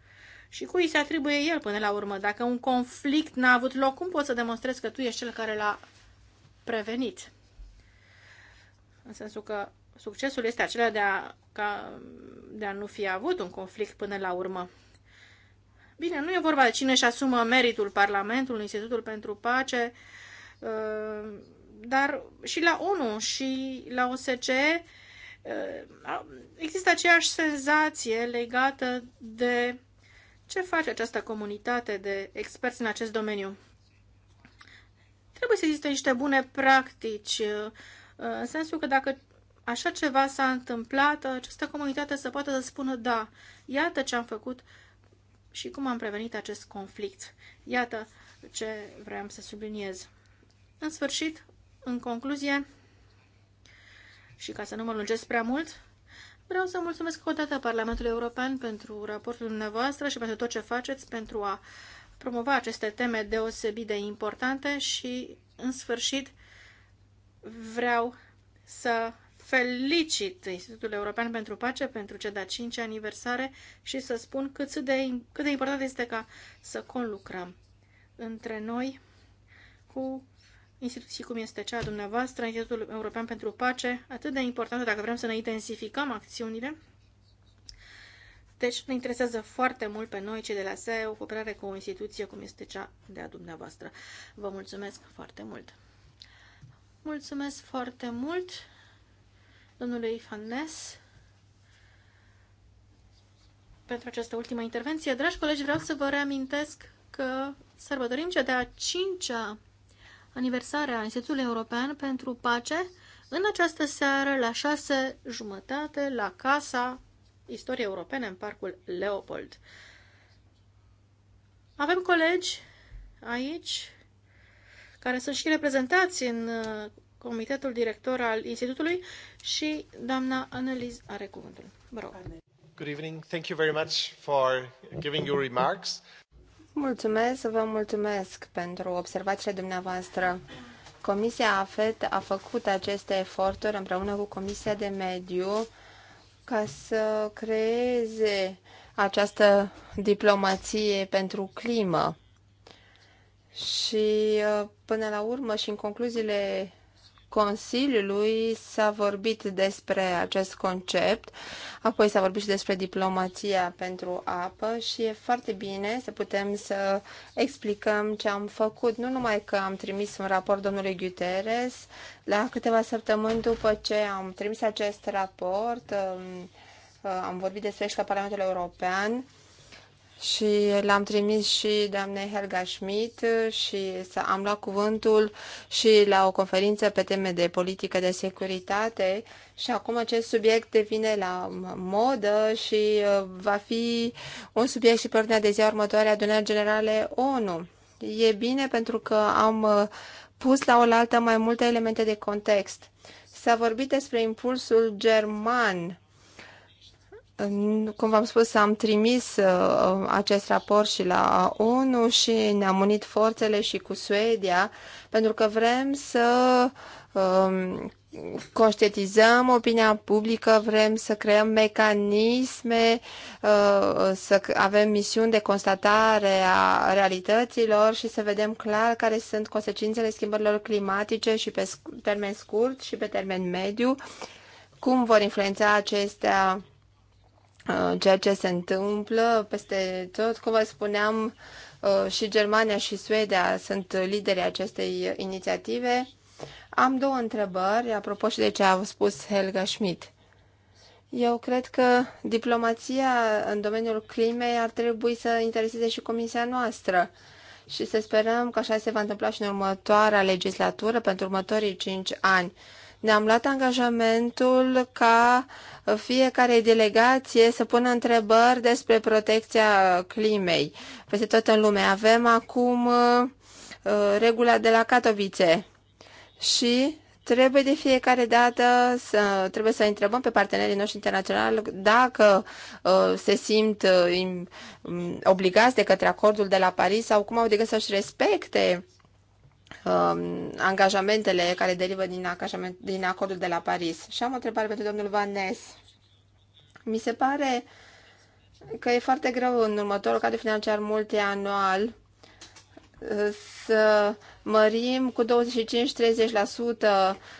Și cui se atribuie el până la urmă? Dacă un conflict n-a avut loc, cum poți să demonstrezi că tu ești cel care l-a prevenit. În sensul că succesul este acela de a, ca, de a nu fi avut un conflict până la urmă. Bine, nu e vorba de cine își asumă meritul Parlamentului, Institutul pentru Pace, uh, dar și la ONU și la OSCE uh, există aceeași senzație legată de ce face această comunitate de experți în acest domeniu. Trebuie să existe niște bune practici, uh, în sensul că dacă așa ceva s-a întâmplat, această comunitate să poată să spună da, iată ce am făcut și cum am prevenit acest conflict. Iată ce vreau să subliniez. În sfârșit, în concluzie, și ca să nu mă lungesc prea mult, vreau să mulțumesc o dată Parlamentului European pentru raportul dumneavoastră și pentru tot ce faceți pentru a promova aceste teme deosebit de importante și, în sfârșit, vreau să felicit Institutul European pentru Pace pentru cea de-a cincea aniversare și să spun cât de, cât de important este ca să conlucrăm între noi cu instituții cum este cea dumneavoastră, Institutul European pentru Pace, atât de importantă dacă vrem să ne intensificăm acțiunile deci ne interesează foarte mult pe noi, cei de la SEO, cooperare cu o instituție cum este cea de a dumneavoastră. Vă mulțumesc foarte mult! Mulțumesc foarte mult domnului Fannes pentru această ultimă intervenție. Dragi colegi, vreau să vă reamintesc că sărbătorim cea de-a cincea aniversare a Institutului European pentru Pace în această seară la șase jumătate la Casa istorie europene în Parcul Leopold. Avem colegi aici care sunt și reprezentați în uh, comitetul director al institutului și doamna Annelise are cuvântul. Vă rog. Good evening. Thank you very much for giving your remarks. Mulțumesc, vă mulțumesc pentru observațiile dumneavoastră. Comisia AFET a făcut aceste eforturi împreună cu Comisia de Mediu ca să creeze această diplomație pentru climă. Și uh, până la urmă și în concluziile Consiliului s-a vorbit despre acest concept, apoi s-a vorbit și despre diplomația pentru apă și e foarte bine să putem să explicăm ce am făcut. Nu numai că am trimis un raport domnului Guterres, la câteva săptămâni după ce am trimis acest raport, um, uh, am vorbit despre și la Parlamentul European, și l-am trimis și doamnei Helga Schmidt și să am luat cuvântul și la o conferință pe teme de politică de securitate și acum acest subiect devine la modă și uh, va fi un subiect și pe ordinea de ziua următoare adunări generale ONU. E bine pentru că am uh, pus la oaltă mai multe elemente de context. S-a vorbit despre impulsul german cum v-am spus, am trimis uh, acest raport și la ONU și ne-am unit forțele și cu Suedia, pentru că vrem să um, conștientizăm opinia publică, vrem să creăm mecanisme, uh, să avem misiuni de constatare a realităților și să vedem clar care sunt consecințele schimbărilor climatice și pe termen scurt și pe termen mediu, cum vor influența acestea Uh, ceea ce se întâmplă peste tot. Cum vă spuneam, uh, și Germania și Suedia sunt liderii acestei inițiative. Am două întrebări, apropo și de ce a spus Helga Schmidt. Eu cred că diplomația în domeniul climei ar trebui să intereseze și comisia noastră și să sperăm că așa se va întâmpla și în următoarea legislatură pentru următorii cinci ani. Ne-am luat angajamentul ca fiecare delegație să pună întrebări despre protecția climei. Peste tot în lume avem acum uh, regula de la Katowice și trebuie de fiecare dată să trebuie să întrebăm pe partenerii noștri internaționali dacă uh, se simt uh, mm, obligați de către acordul de la Paris sau cum au de gând să-și respecte Um, angajamentele care derivă din, angajament, din acordul de la Paris. Și am o întrebare pentru domnul Van Ness. Mi se pare că e foarte greu în următorul cadru financiar multianual uh, să mărim cu 25-30%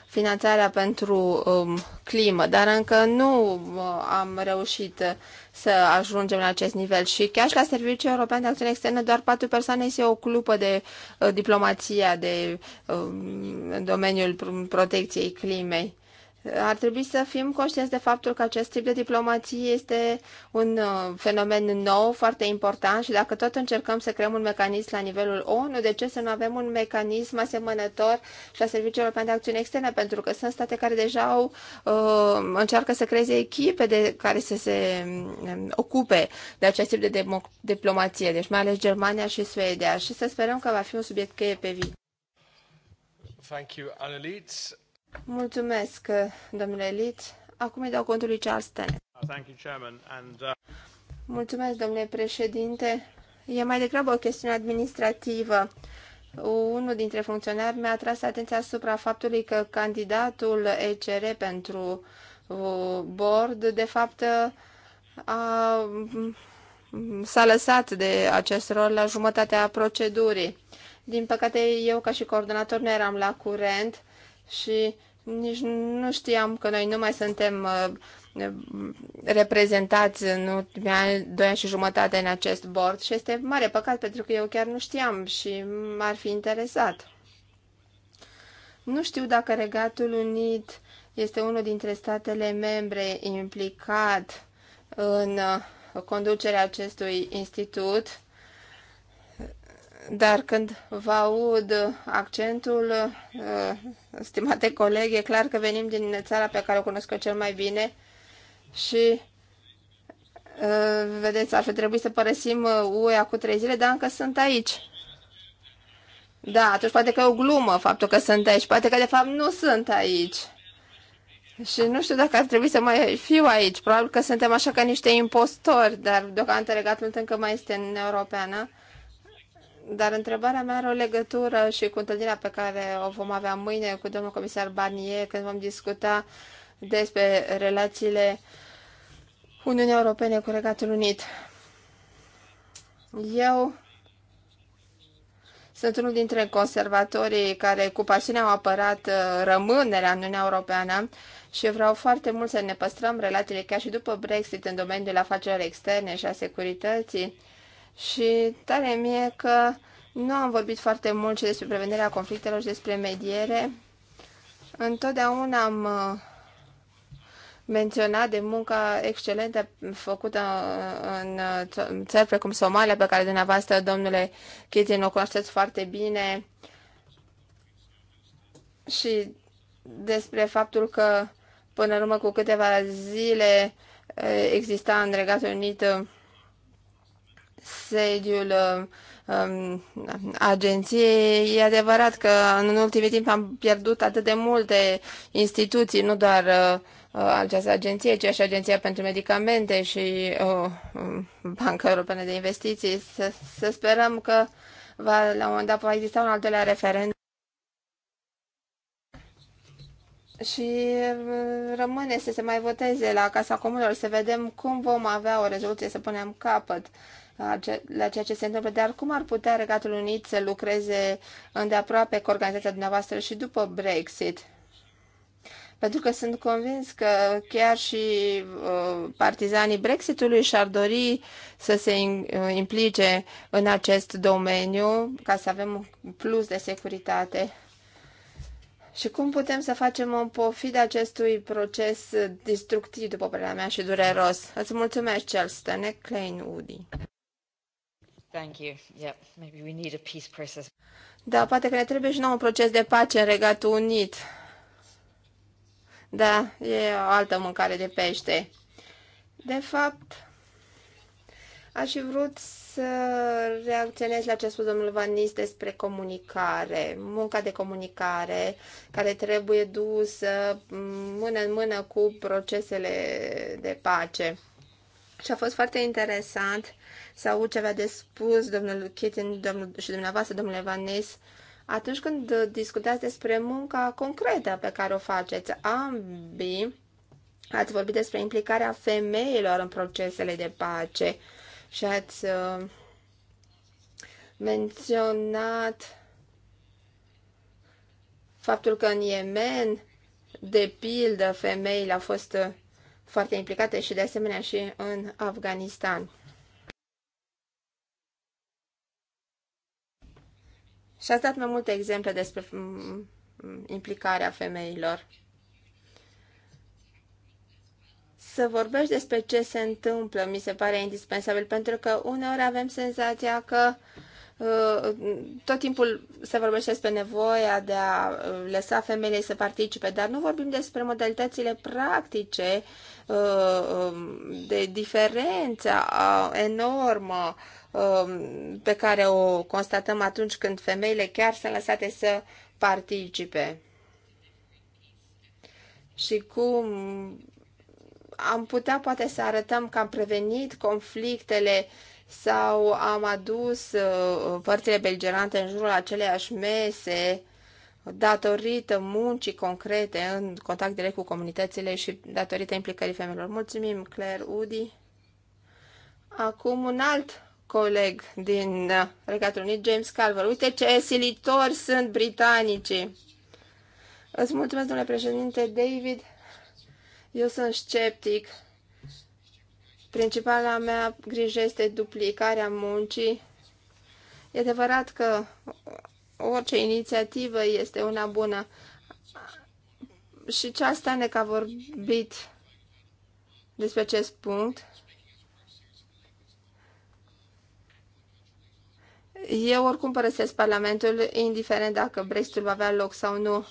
finanțarea pentru um, climă, dar încă nu uh, am reușit să ajungem la acest nivel și chiar și la Serviciul European de Acțiune Externă doar patru persoane se ocupă de uh, diplomația, de uh, domeniul protecției climei. Ar trebui să fim conștienți de faptul că acest tip de diplomație este un uh, fenomen nou, foarte important și dacă tot încercăm să creăm un mecanism la nivelul ONU, de ce să nu avem un mecanism asemănător și la Serviciul European de Acțiune Externe? Pentru că sunt state care deja au, uh, încearcă să creeze echipe de care să se um, ocupe de acest tip de diplomație, deci mai ales Germania și Suedia și să sperăm că va fi un subiect cheie pe viitor. Thank you, Annelies. Mulțumesc, domnule Litz. Acum îi dau contul lui Charles Tennant. Uh, Mulțumesc, domnule președinte. E mai degrabă o chestiune administrativă. Unul dintre funcționari mi-a tras atenția asupra faptului că candidatul ECR pentru uh, board, de fapt, a, s-a lăsat de acest rol la jumătatea procedurii. Din păcate, eu ca și coordonator nu eram la curent și nici nu știam că noi nu mai suntem uh, reprezentați în ultimii ani, doi ani și jumătate în acest board și este mare păcat pentru că eu chiar nu știam și m-ar fi interesat. Nu știu dacă Regatul Unit este unul dintre statele membre implicat în uh, conducerea acestui institut dar când vă aud accentul, uh, stimate colegi, e clar că venim din țara pe care o cunosc eu cel mai bine și uh, vedeți, ar fi trebuit să părăsim UE uh, cu trei zile, dar încă sunt aici. Da, atunci poate că e o glumă faptul că sunt aici, poate că de fapt nu sunt aici. Și nu știu dacă ar trebui să mai fiu aici, probabil că suntem așa ca niște impostori, dar deocamdată legatul încă mai este în Europeană. Dar întrebarea mea are o legătură și cu întâlnirea pe care o vom avea mâine cu domnul comisar Barnier, când vom discuta despre relațiile Uniunii Europene cu Regatul Unit. Eu sunt unul dintre conservatorii care cu pasiune au apărat uh, rămânerea în Uniunea Europeană și vreau foarte mult să ne păstrăm relațiile chiar și după Brexit în domeniul afacerilor externe și a securității și tare mie că nu am vorbit foarte mult și despre prevenirea conflictelor și despre mediere. Întotdeauna am uh, menționat de munca excelentă făcută uh, în uh, țări precum Somalia, pe care dumneavoastră, domnule Chitin, o cunoașteți foarte bine și despre faptul că până în urmă cu câteva zile exista în Regatul Unit sediul um, agenției. E adevărat că în ultimii timp am pierdut atât de multe instituții, nu doar uh, uh, această agenție, ci și Agenția pentru Medicamente și uh, um, Banca Europeană de Investiții. Să, sperăm că va, la un moment dat va exista un al doilea referent. Și rămâne să se mai voteze la Casa Comunilor, să vedem cum vom avea o rezoluție să punem capăt la ceea ce se întâmplă, dar cum ar putea Regatul Unit să lucreze îndeaproape cu organizația dumneavoastră și după Brexit? Pentru că sunt convins că chiar și uh, partizanii Brexitului și-ar dori să se uh, implice în acest domeniu ca să avem plus de securitate. Și cum putem să facem un pofid acestui proces destructiv, după părerea mea, și dureros? Îți mulțumesc, Charles Stanek, Klein Udi. Thank you. Yeah, maybe we need a peace process. Da, poate că ne trebuie și nou un proces de pace în Regatul Unit. Da, e o altă mâncare de pește. De fapt, aș fi vrut să reacționez la ce a spus domnul Vanis despre comunicare, munca de comunicare care trebuie dusă mână în mână cu procesele de pace. Și a fost foarte interesant să aud ce avea de spus domnul Kitten domnul, și dumneavoastră, domnule Vanes, atunci când discutați despre munca concretă pe care o faceți. Ambii ați vorbit despre implicarea femeilor în procesele de pace și ați uh, menționat faptul că în Yemen, de pildă, femeile au fost foarte implicate și de asemenea și în Afganistan. Și ați dat mai multe exemple despre mm, mm, implicarea femeilor. Să vorbești despre ce se întâmplă mi se pare indispensabil, pentru că uneori avem senzația că uh, tot timpul se vorbește despre nevoia de a uh, lăsa femeile să participe, dar nu vorbim despre modalitățile practice uh, um, de diferență enormă Um, pe care o constatăm atunci când femeile chiar sunt lăsate să participe. Și cum am putea poate să arătăm că am prevenit conflictele sau am adus uh, părțile beligerante în jurul aceleiași mese datorită muncii concrete în contact direct cu comunitățile și datorită implicării femeilor. Mulțumim, Claire Udi. Acum un alt coleg din uh, Regatul Unit, James Carver. Uite ce silitori sunt britanicii! Îți mulțumesc, domnule președinte David. Eu sunt sceptic. Principala mea grijă este duplicarea muncii. E adevărat că orice inițiativă este una bună. Și ce asta ne că a vorbit despre acest punct. Eu oricum părăsesc Parlamentul, indiferent dacă Brexitul va avea loc sau nu.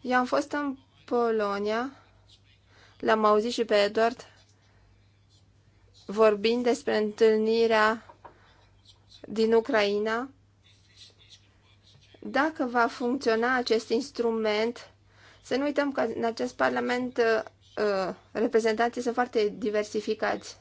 Eu am fost în Polonia, l-am auzit și pe Edward vorbind despre întâlnirea din Ucraina. Dacă va funcționa acest instrument, să nu uităm că în acest Parlament uh, reprezentanții sunt foarte diversificați.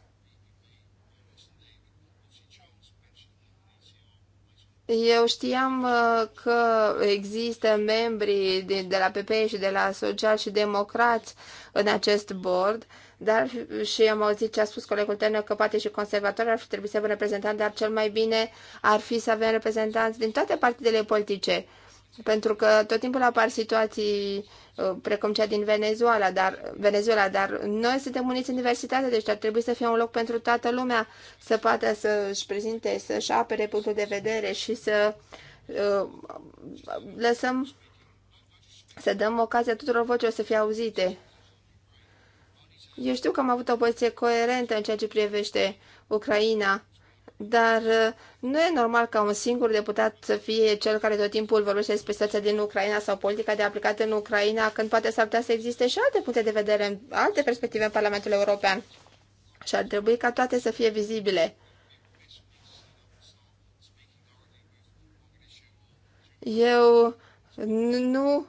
Eu știam uh, că există membri de la PPE și de la Social și Democrați în acest board, dar și am auzit ce a spus colegul Tenă că poate și conservatorii ar fi trebuit să avem reprezentanți, dar cel mai bine ar fi să avem reprezentanți din toate partidele politice pentru că tot timpul apar situații uh, precum cea din Venezuela, dar, Venezuela, dar noi suntem uniți în diversitate, deci ar trebui să fie un loc pentru toată lumea să poată să-și prezinte, să-și apere punctul de vedere și să uh, lăsăm, să dăm ocazia tuturor vocilor să fie auzite. Eu știu că am avut o poziție coerentă în ceea ce privește Ucraina, dar uh, nu e normal ca un singur deputat să fie cel care tot timpul vorbește despre situația din Ucraina sau politica de aplicată în Ucraina, când poate s-ar putea să existe și alte puncte de vedere, alte perspective în Parlamentul European. Și ar trebui ca toate să fie vizibile. Eu nu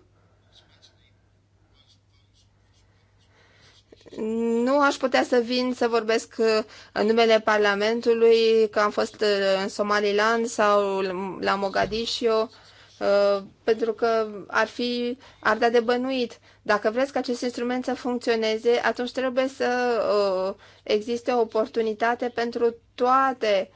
Nu aș putea să vin să vorbesc uh, în numele Parlamentului, că am fost uh, în Somaliland sau la Mogadiscio, uh, pentru că ar fi ar da de bănuit. Dacă vreți ca acest instrument să funcționeze, atunci trebuie să existe o oportunitate pentru toate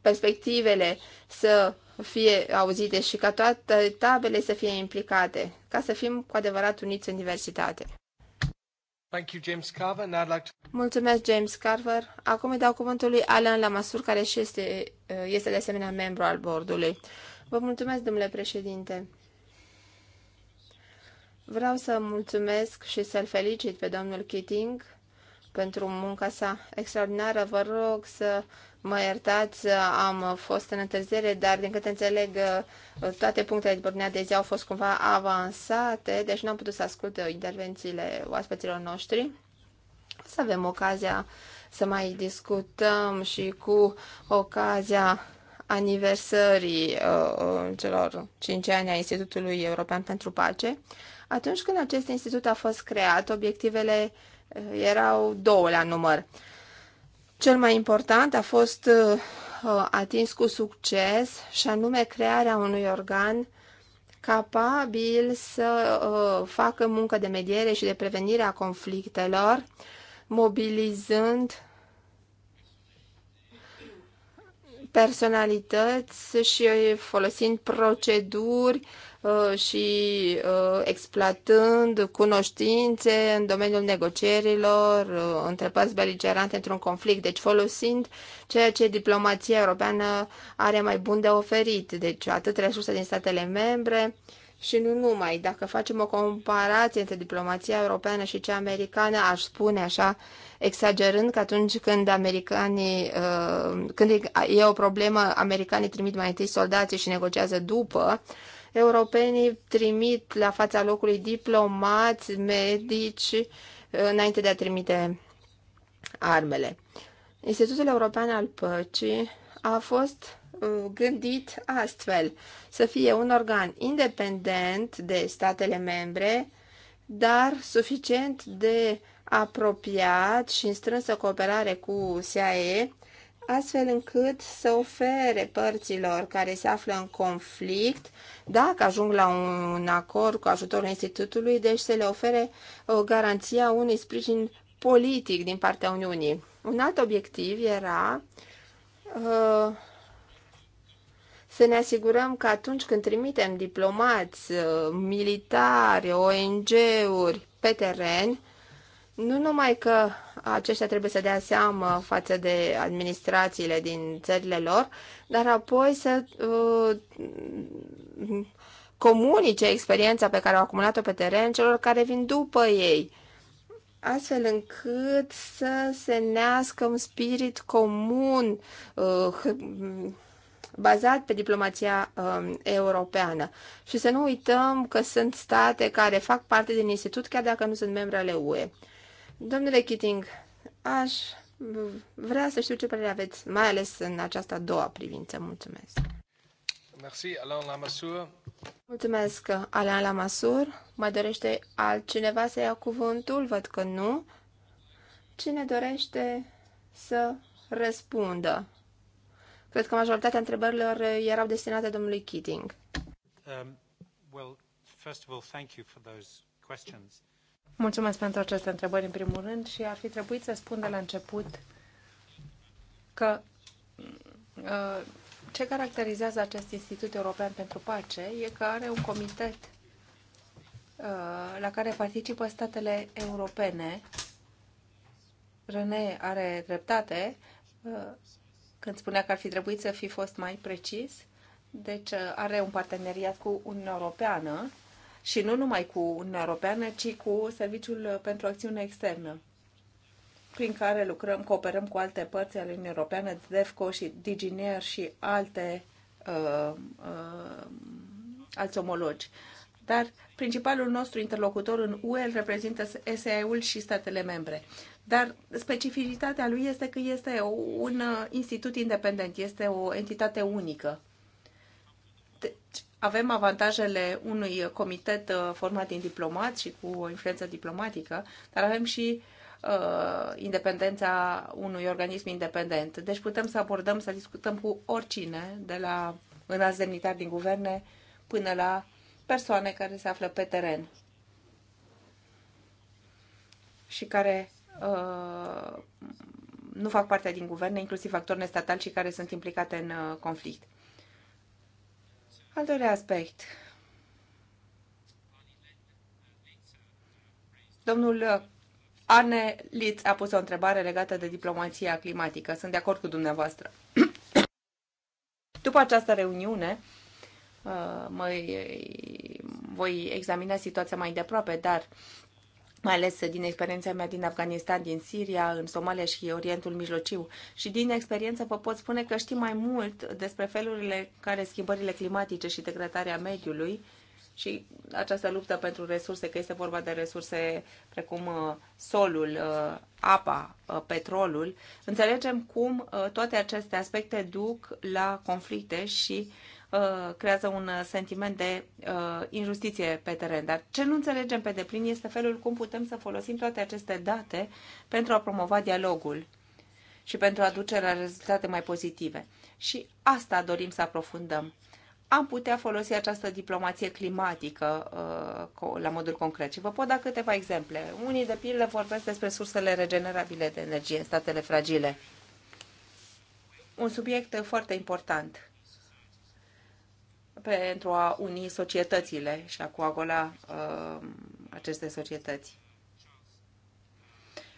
perspectivele să fie auzite și ca toate tabele să fie implicate, ca să fim cu adevărat uniți în diversitate. Thank you, James Carver. Now I'd like to... Mulțumesc, James Carver. Acum îi dau cuvântul lui Alan Lamasur, care și este, este de asemenea membru al bordului. Vă mulțumesc, domnule președinte. Vreau să mulțumesc și să-l felicit pe domnul Keating pentru munca sa extraordinară. Vă rog să Mă iertați, am fost în întârziere, dar din câte înțeleg, toate punctele de pornire de zi au fost cumva avansate, deci nu am putut să ascult intervențiile oaspeților noștri. O să avem ocazia să mai discutăm și cu ocazia aniversării uh, uh, celor 5 ani a Institutului European pentru Pace. Atunci când acest institut a fost creat, obiectivele uh, erau două la număr. Cel mai important a fost uh, uh, atins cu succes și anume crearea unui organ capabil să uh, facă muncă de mediere și de prevenire a conflictelor, mobilizând personalități și folosind proceduri Uh, și uh, exploatând cunoștințe în domeniul negocierilor uh, între părți beligerante într-un conflict, deci folosind ceea ce diplomația europeană are mai bun de oferit, deci atât resurse din statele membre, și nu numai. Dacă facem o comparație între diplomația europeană și cea americană, aș spune așa, exagerând că atunci când americanii, când e o problemă, americanii trimit mai întâi soldații și negociază după, europenii trimit la fața locului diplomați, medici, înainte de a trimite armele. Institutul European al Păcii a fost uh, gândit astfel, să fie un organ independent de statele membre, dar suficient de apropiat și în strânsă cooperare cu SAE astfel încât să ofere părților care se află în conflict, dacă ajung la un acord cu ajutorul institutului, deci să le ofere o garanție a unui sprijin politic din partea Uniunii. Un alt obiectiv era ă, să ne asigurăm că atunci când trimitem diplomați, ă, militari, ONG-uri pe teren, nu numai că aceștia trebuie să dea seamă față de administrațiile din țările lor, dar apoi să uh, comunice experiența pe care au acumulat-o pe teren celor care vin după ei, astfel încât să se nească un spirit comun uh, bazat pe diplomația um, europeană. Și să nu uităm că sunt state care fac parte din institut, chiar dacă nu sunt membre ale UE. Domnule Keating, aș vrea să știu ce părere aveți, mai ales în această a doua privință. Mulțumesc! Merci, Alain Lamassur. Mulțumesc, Alain Lamassur. Mai dorește altcineva să ia cuvântul? Văd că nu. Cine dorește să răspundă? Cred că majoritatea întrebărilor erau destinate domnului Keating. Um, well, first of all, thank you for those questions. Mulțumesc pentru aceste întrebări, în primul rând, și ar fi trebuit să spun de la început că uh, ce caracterizează acest Institut European pentru Pace e că are un comitet uh, la care participă statele europene. René are dreptate uh, când spunea că ar fi trebuit să fi fost mai precis. Deci are un parteneriat cu Uniunea Europeană și nu numai cu Uniunea Europeană, ci cu Serviciul pentru Acțiune Externă, prin care lucrăm, cooperăm cu alte părți ale Uniunii Europene, DEFCO și Diginier și alte uh, uh, alți omologi. Dar principalul nostru interlocutor în UE reprezintă SEA-ul și statele membre. Dar specificitatea lui este că este un institut independent, este o entitate unică avem avantajele unui comitet uh, format din diplomați și cu o influență diplomatică, dar avem și uh, independența unui organism independent. Deci putem să abordăm, să discutăm cu oricine, de la înalți demnitari din guverne până la persoane care se află pe teren și care uh, nu fac parte din guverne, inclusiv actori nestatali și care sunt implicate în uh, conflict. Al doilea aspect. Domnul Arne Litz a pus o întrebare legată de diplomația climatică. Sunt de acord cu dumneavoastră. După această reuniune, uh, mă, voi examina situația mai de aproape, dar mai ales din experiența mea din Afganistan, din Siria, în Somalia și Orientul Mijlociu. Și din experiență vă pot spune că știu mai mult despre felurile care schimbările climatice și degradarea mediului și această luptă pentru resurse, că este vorba de resurse precum uh, solul, uh, apa, uh, petrolul, înțelegem cum toate aceste aspecte duc la conflicte și uh, Uh, creează un uh, sentiment de uh, injustiție pe teren. Dar ce nu înțelegem pe deplin este felul cum putem să folosim toate aceste date pentru a promova dialogul și pentru a duce la rezultate mai pozitive. Și asta dorim să aprofundăm. Am putea folosi această diplomație climatică uh, la modul concret. Și vă pot da câteva exemple. Unii, de pildă, vorbesc despre sursele regenerabile de energie în statele fragile. Un subiect foarte important pentru a uni societățile și a coagola uh, aceste societăți.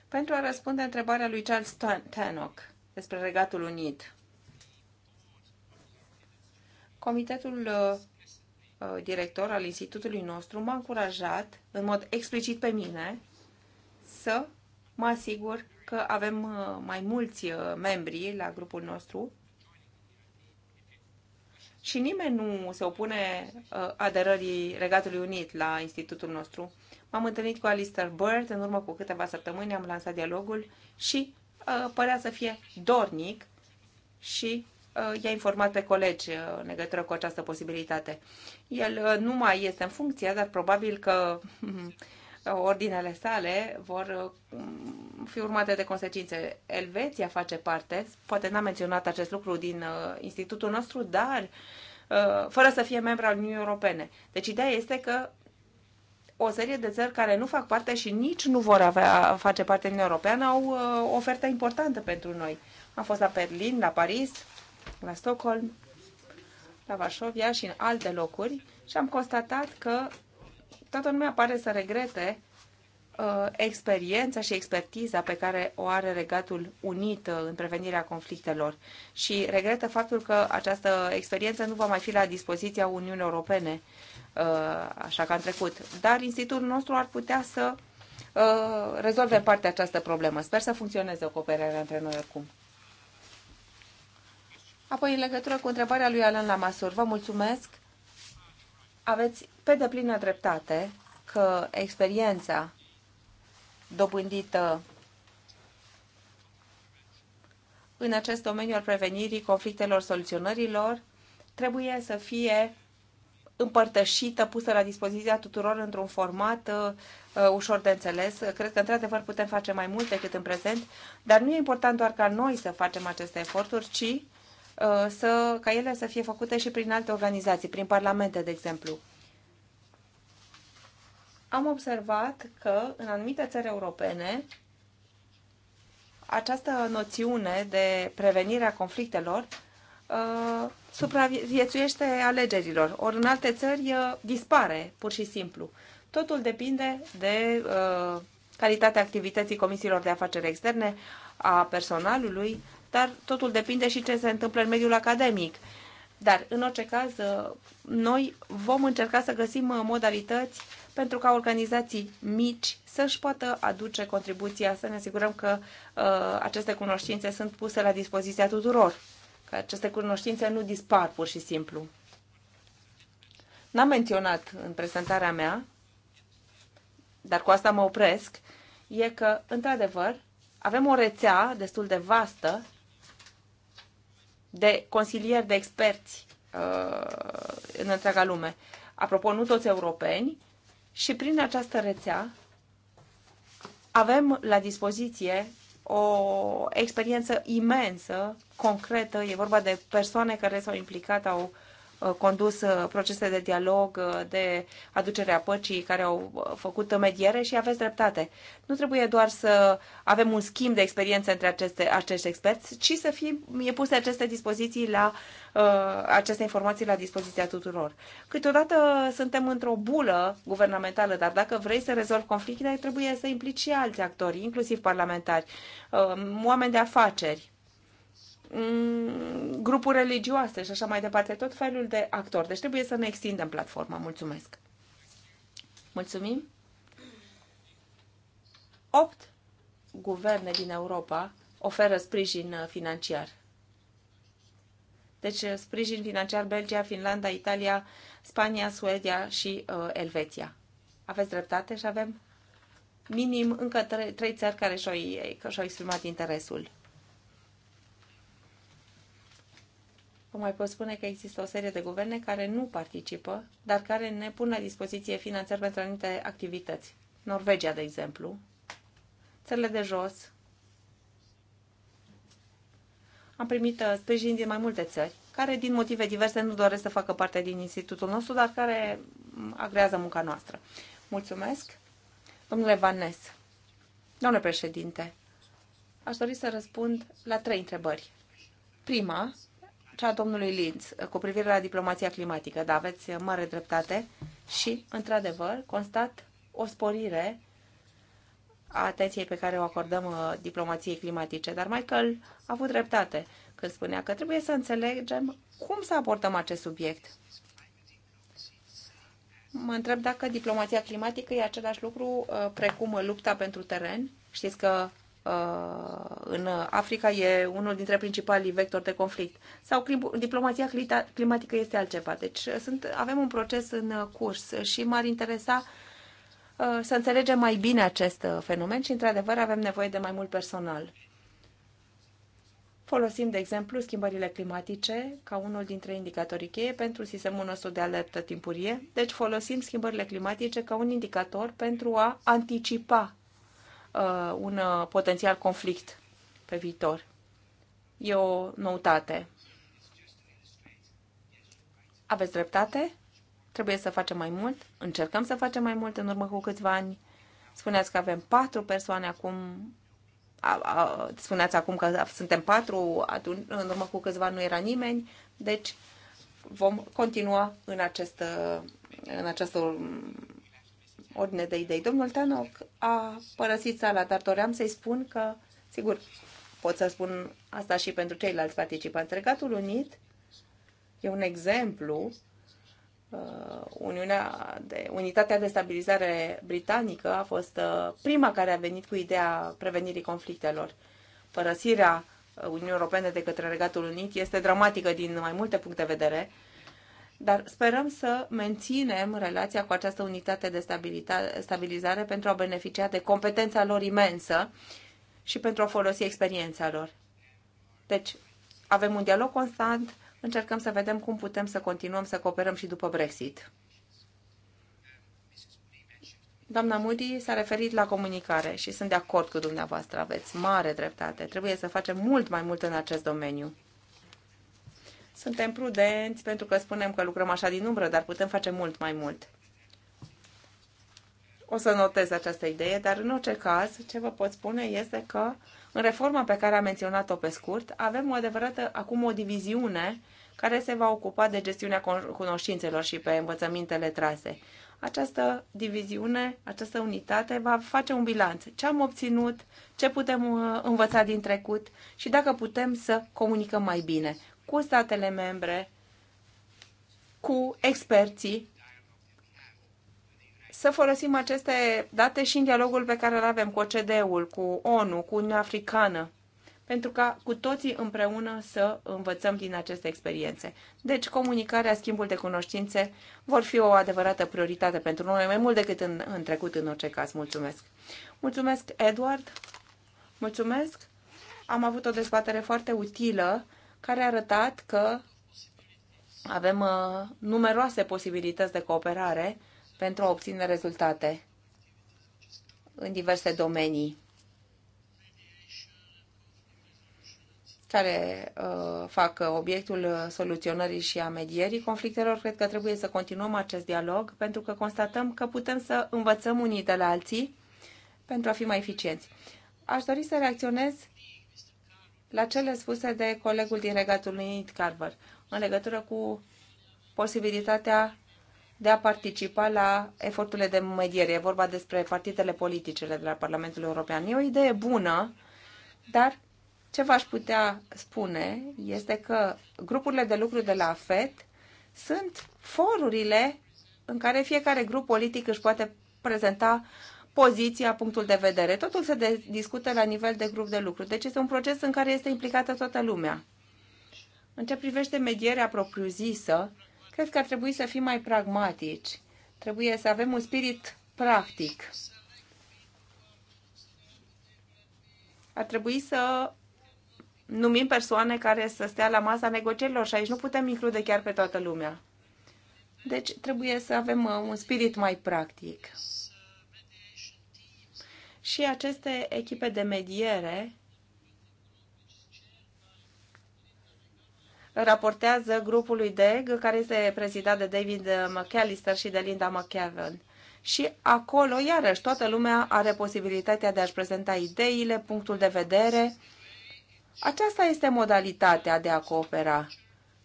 Pentru a răspunde întrebarea lui Charles Tannock despre Regatul Unit, Comitetul uh, uh, director al institutului nostru m-a încurajat în mod explicit pe mine să mă asigur că avem uh, mai mulți uh, membri la grupul nostru și nimeni nu se opune uh, aderării Regatului Unit la institutul nostru. M-am întâlnit cu Alistair Bird în urmă cu câteva săptămâni, am lansat dialogul și uh, părea să fie dornic și uh, i-a informat pe colegi uh, în legătură cu această posibilitate. El uh, nu mai este în funcție, dar probabil că hmm, sau ordinele sale vor mm, fi urmate de consecințe. Elveția face parte, poate n-am menționat acest lucru din uh, institutul nostru, dar uh, fără să fie membru al Uniunii Europene. Deci ideea este că o serie de țări care nu fac parte și nici nu vor avea, face parte din Europeană au uh, ofertă importantă pentru noi. Am fost la Berlin, la Paris, la Stockholm, la Varsovia și în alte locuri și am constatat că toată lumea pare să regrete uh, experiența și expertiza pe care o are Regatul Unit uh, în prevenirea conflictelor și regretă faptul că această experiență nu va mai fi la dispoziția Uniunii Europene, uh, așa ca în trecut. Dar institutul nostru ar putea să uh, rezolve parte această problemă. Sper să funcționeze o cooperare între noi oricum. Apoi, în legătură cu întrebarea lui Alan Lamasur, vă mulțumesc. Aveți pe deplină dreptate că experiența dobândită în acest domeniu al prevenirii conflictelor, soluționărilor, trebuie să fie împărtășită, pusă la dispoziția tuturor într-un format uh, uh, ușor de înțeles. Cred că, într-adevăr, putem face mai mult decât în prezent, dar nu e important doar ca noi să facem aceste eforturi, ci uh, să, ca ele să fie făcute și prin alte organizații, prin parlamente, de exemplu am observat că în anumite țări europene această noțiune de prevenire a conflictelor uh, supraviețuiește alegerilor, ori în alte țări uh, dispare pur și simplu. Totul depinde de uh, calitatea activității comisiilor de afaceri externe, a personalului, dar totul depinde și ce se întâmplă în mediul academic. Dar, în orice caz, uh, noi vom încerca să găsim uh, modalități pentru ca organizații mici să-și poată aduce contribuția, să ne asigurăm că uh, aceste cunoștințe sunt puse la dispoziția tuturor, că aceste cunoștințe nu dispar pur și simplu. N-am menționat în prezentarea mea, dar cu asta mă opresc, e că, într-adevăr, avem o rețea destul de vastă de consilieri, de experți uh, în întreaga lume. Apropo, nu toți europeni, și prin această rețea avem la dispoziție o experiență imensă, concretă. E vorba de persoane care s-au implicat, au Uh, condus uh, procese de dialog, uh, de aducere a păcii, care au făcut mediere și aveți dreptate. Nu trebuie doar să avem un schimb de experiențe între aceste, acești experți, ci să fie puse aceste dispoziții la aceste informații la dispoziția tuturor. Câteodată suntem într-o bulă guvernamentală, dar dacă vrei să rezolvi conflicte, trebuie să implici și alți actori, inclusiv parlamentari, oameni de afaceri, Mm, grupuri religioase și așa mai departe, tot felul de actori. Deci trebuie să ne extindem platforma. Mulțumesc! Mulțumim! Opt guverne din Europa oferă sprijin uh, financiar. Deci uh, sprijin financiar Belgia, Finlanda, Italia, Spania, Suedia și uh, Elveția. Aveți dreptate și avem minim încă trei, trei țări care și -au exprimat interesul. vă mai pot spune că există o serie de guverne care nu participă, dar care ne pun la dispoziție finanțări pentru anumite activități. Norvegia, de exemplu, țările de jos. Am primit uh, sprijin din mai multe țări, care din motive diverse nu doresc să facă parte din institutul nostru, dar care mm, agrează munca noastră. Mulțumesc. Domnule Vanes, domnule președinte, aș dori să răspund la trei întrebări. Prima, cea a domnului Linz uh, cu privire la diplomația climatică, da, aveți mare dreptate și, într-adevăr, constat o sporire a atenției pe care o acordăm uh, diplomației climatice. Dar Michael a avut dreptate când spunea că trebuie să înțelegem cum să abordăm acest subiect. Mă întreb dacă diplomația climatică e același lucru uh, precum lupta pentru teren. Știți că Uh, în Africa e unul dintre principalii vectori de conflict. Sau diplomația climatică este altceva. Deci uh, sunt, avem un proces în uh, curs și m-ar interesa să înțelegem mai bine acest fenomen și, într-adevăr, avem nevoie de mai mult personal. Folosim, de exemplu, schimbările climatice ca unul dintre indicatorii cheie pentru sistemul nostru de alertă timpurie. Deci folosim schimbările climatice ca un indicator pentru a anticipa uh, un uh, potențial conflict pe viitor. E o noutate. Aveți dreptate? Trebuie să facem mai mult? Încercăm să facem mai mult în urmă cu câțiva ani? Spuneați că avem patru persoane acum a, a, spuneați acum că suntem patru, atunci, în urmă cu câțiva nu era nimeni, deci vom continua în, acest, uh, în această ordine de idei. Domnul Tanoc a părăsit sala, dar doream să-i spun că, sigur, pot să spun asta și pentru ceilalți participanți. Regatul Unit e un exemplu. Uh, Uniunea de, Unitatea de Stabilizare Britanică a fost uh, prima care a venit cu ideea prevenirii conflictelor. Părăsirea uh, Uniunii Europene de către Regatul Unit este dramatică din mai multe puncte de vedere dar sperăm să menținem relația cu această unitate de stabilizare pentru a beneficia de competența lor imensă și pentru a folosi experiența lor. Deci, avem un dialog constant, încercăm să vedem cum putem să continuăm să cooperăm și după Brexit. Doamna Moody s-a referit la comunicare și sunt de acord cu dumneavoastră, aveți mare dreptate. Trebuie să facem mult mai mult în acest domeniu. Suntem prudenți pentru că spunem că lucrăm așa din umbră, dar putem face mult mai mult. O să notez această idee, dar în orice caz, ce vă pot spune este că în reforma pe care am menționat-o pe scurt, avem o adevărată acum o diviziune care se va ocupa de gestiunea cunoștințelor și pe învățămintele trase. Această diviziune, această unitate va face un bilanț. Ce am obținut, ce putem uh, învăța din trecut și dacă putem să comunicăm mai bine cu statele membre, cu experții, să folosim aceste date și în dialogul pe care îl avem cu ocd ul cu ONU, cu Uniunea Africană, pentru ca cu toții împreună să învățăm din aceste experiențe. Deci, comunicarea, schimbul de cunoștințe vor fi o adevărată prioritate pentru noi, mai mult decât în, în trecut, în orice caz. Mulțumesc! Mulțumesc, Edward! Mulțumesc! Am avut o dezbatere foarte utilă care a arătat că avem uh, numeroase posibilități de cooperare pentru a obține rezultate în diverse domenii care uh, fac uh, obiectul soluționării și a medierii conflictelor. Cred că trebuie să continuăm acest dialog pentru că constatăm că putem să învățăm unii de la alții pentru a fi mai eficienți. Aș dori să reacționez la cele spuse de colegul din Regatul Unit, Carver, în legătură cu posibilitatea de a participa la eforturile de mediere. E vorba despre partidele politicele de la Parlamentul European. E o idee bună, dar ce v-aș putea spune este că grupurile de lucru de la FED sunt forurile în care fiecare grup politic își poate prezenta poziția, punctul de vedere. Totul se de- discută la nivel de grup de lucru. Deci este un proces în care este implicată toată lumea. În ce privește medierea propriu-zisă, cred că ar trebui să fim mai pragmatici. Trebuie să avem un spirit practic. Ar trebui să numim persoane care să stea la masa negocierilor și aici nu putem include chiar pe toată lumea. Deci trebuie să avem uh, un spirit mai practic și aceste echipe de mediere raportează grupului DEG, care este prezidat de David McAllister și de Linda McKevin. Și acolo, iarăși, toată lumea are posibilitatea de a-și prezenta ideile, punctul de vedere. Aceasta este modalitatea de a coopera.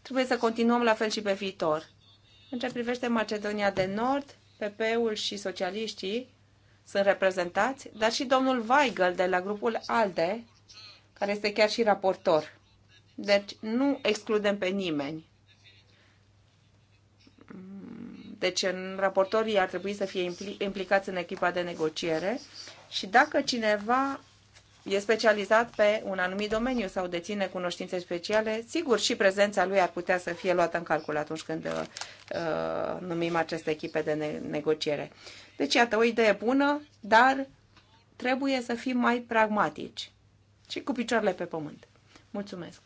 Trebuie să continuăm la fel și pe viitor. În ce privește Macedonia de Nord, PP-ul și socialiștii sunt reprezentați, dar și domnul Weigel de la grupul ALDE, care este chiar și raportor. Deci nu excludem pe nimeni. Deci raportorii ar trebui să fie implicați în echipa de negociere și dacă cineva e specializat pe un anumit domeniu sau deține cunoștințe speciale, sigur și prezența lui ar putea să fie luată în calcul atunci când uh, numim aceste echipe de ne- negociere. Deci, iată, o idee bună, dar trebuie să fim mai pragmatici și cu picioarele pe pământ. Mulțumesc!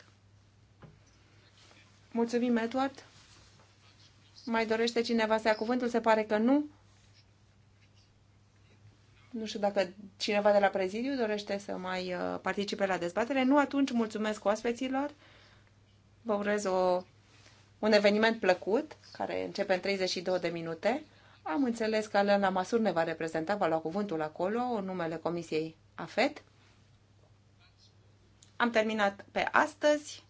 Mulțumim, Edward! Mai dorește cineva să ia cuvântul? Se pare că nu. Nu știu dacă cineva de la prezidiu dorește să mai uh, participe la dezbatere. Nu, atunci mulțumesc oaspeților. Vă urez o, un eveniment plăcut, care începe în 32 de minute. Am înțeles că Elena Masur ne va reprezenta, va lua cuvântul acolo, în numele Comisiei AFET. Am terminat pe astăzi.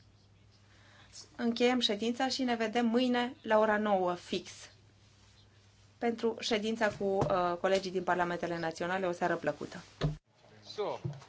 Încheiem ședința și ne vedem mâine la ora 9 fix pentru ședința cu uh, colegii din Parlamentele Naționale. O seară plăcută! So.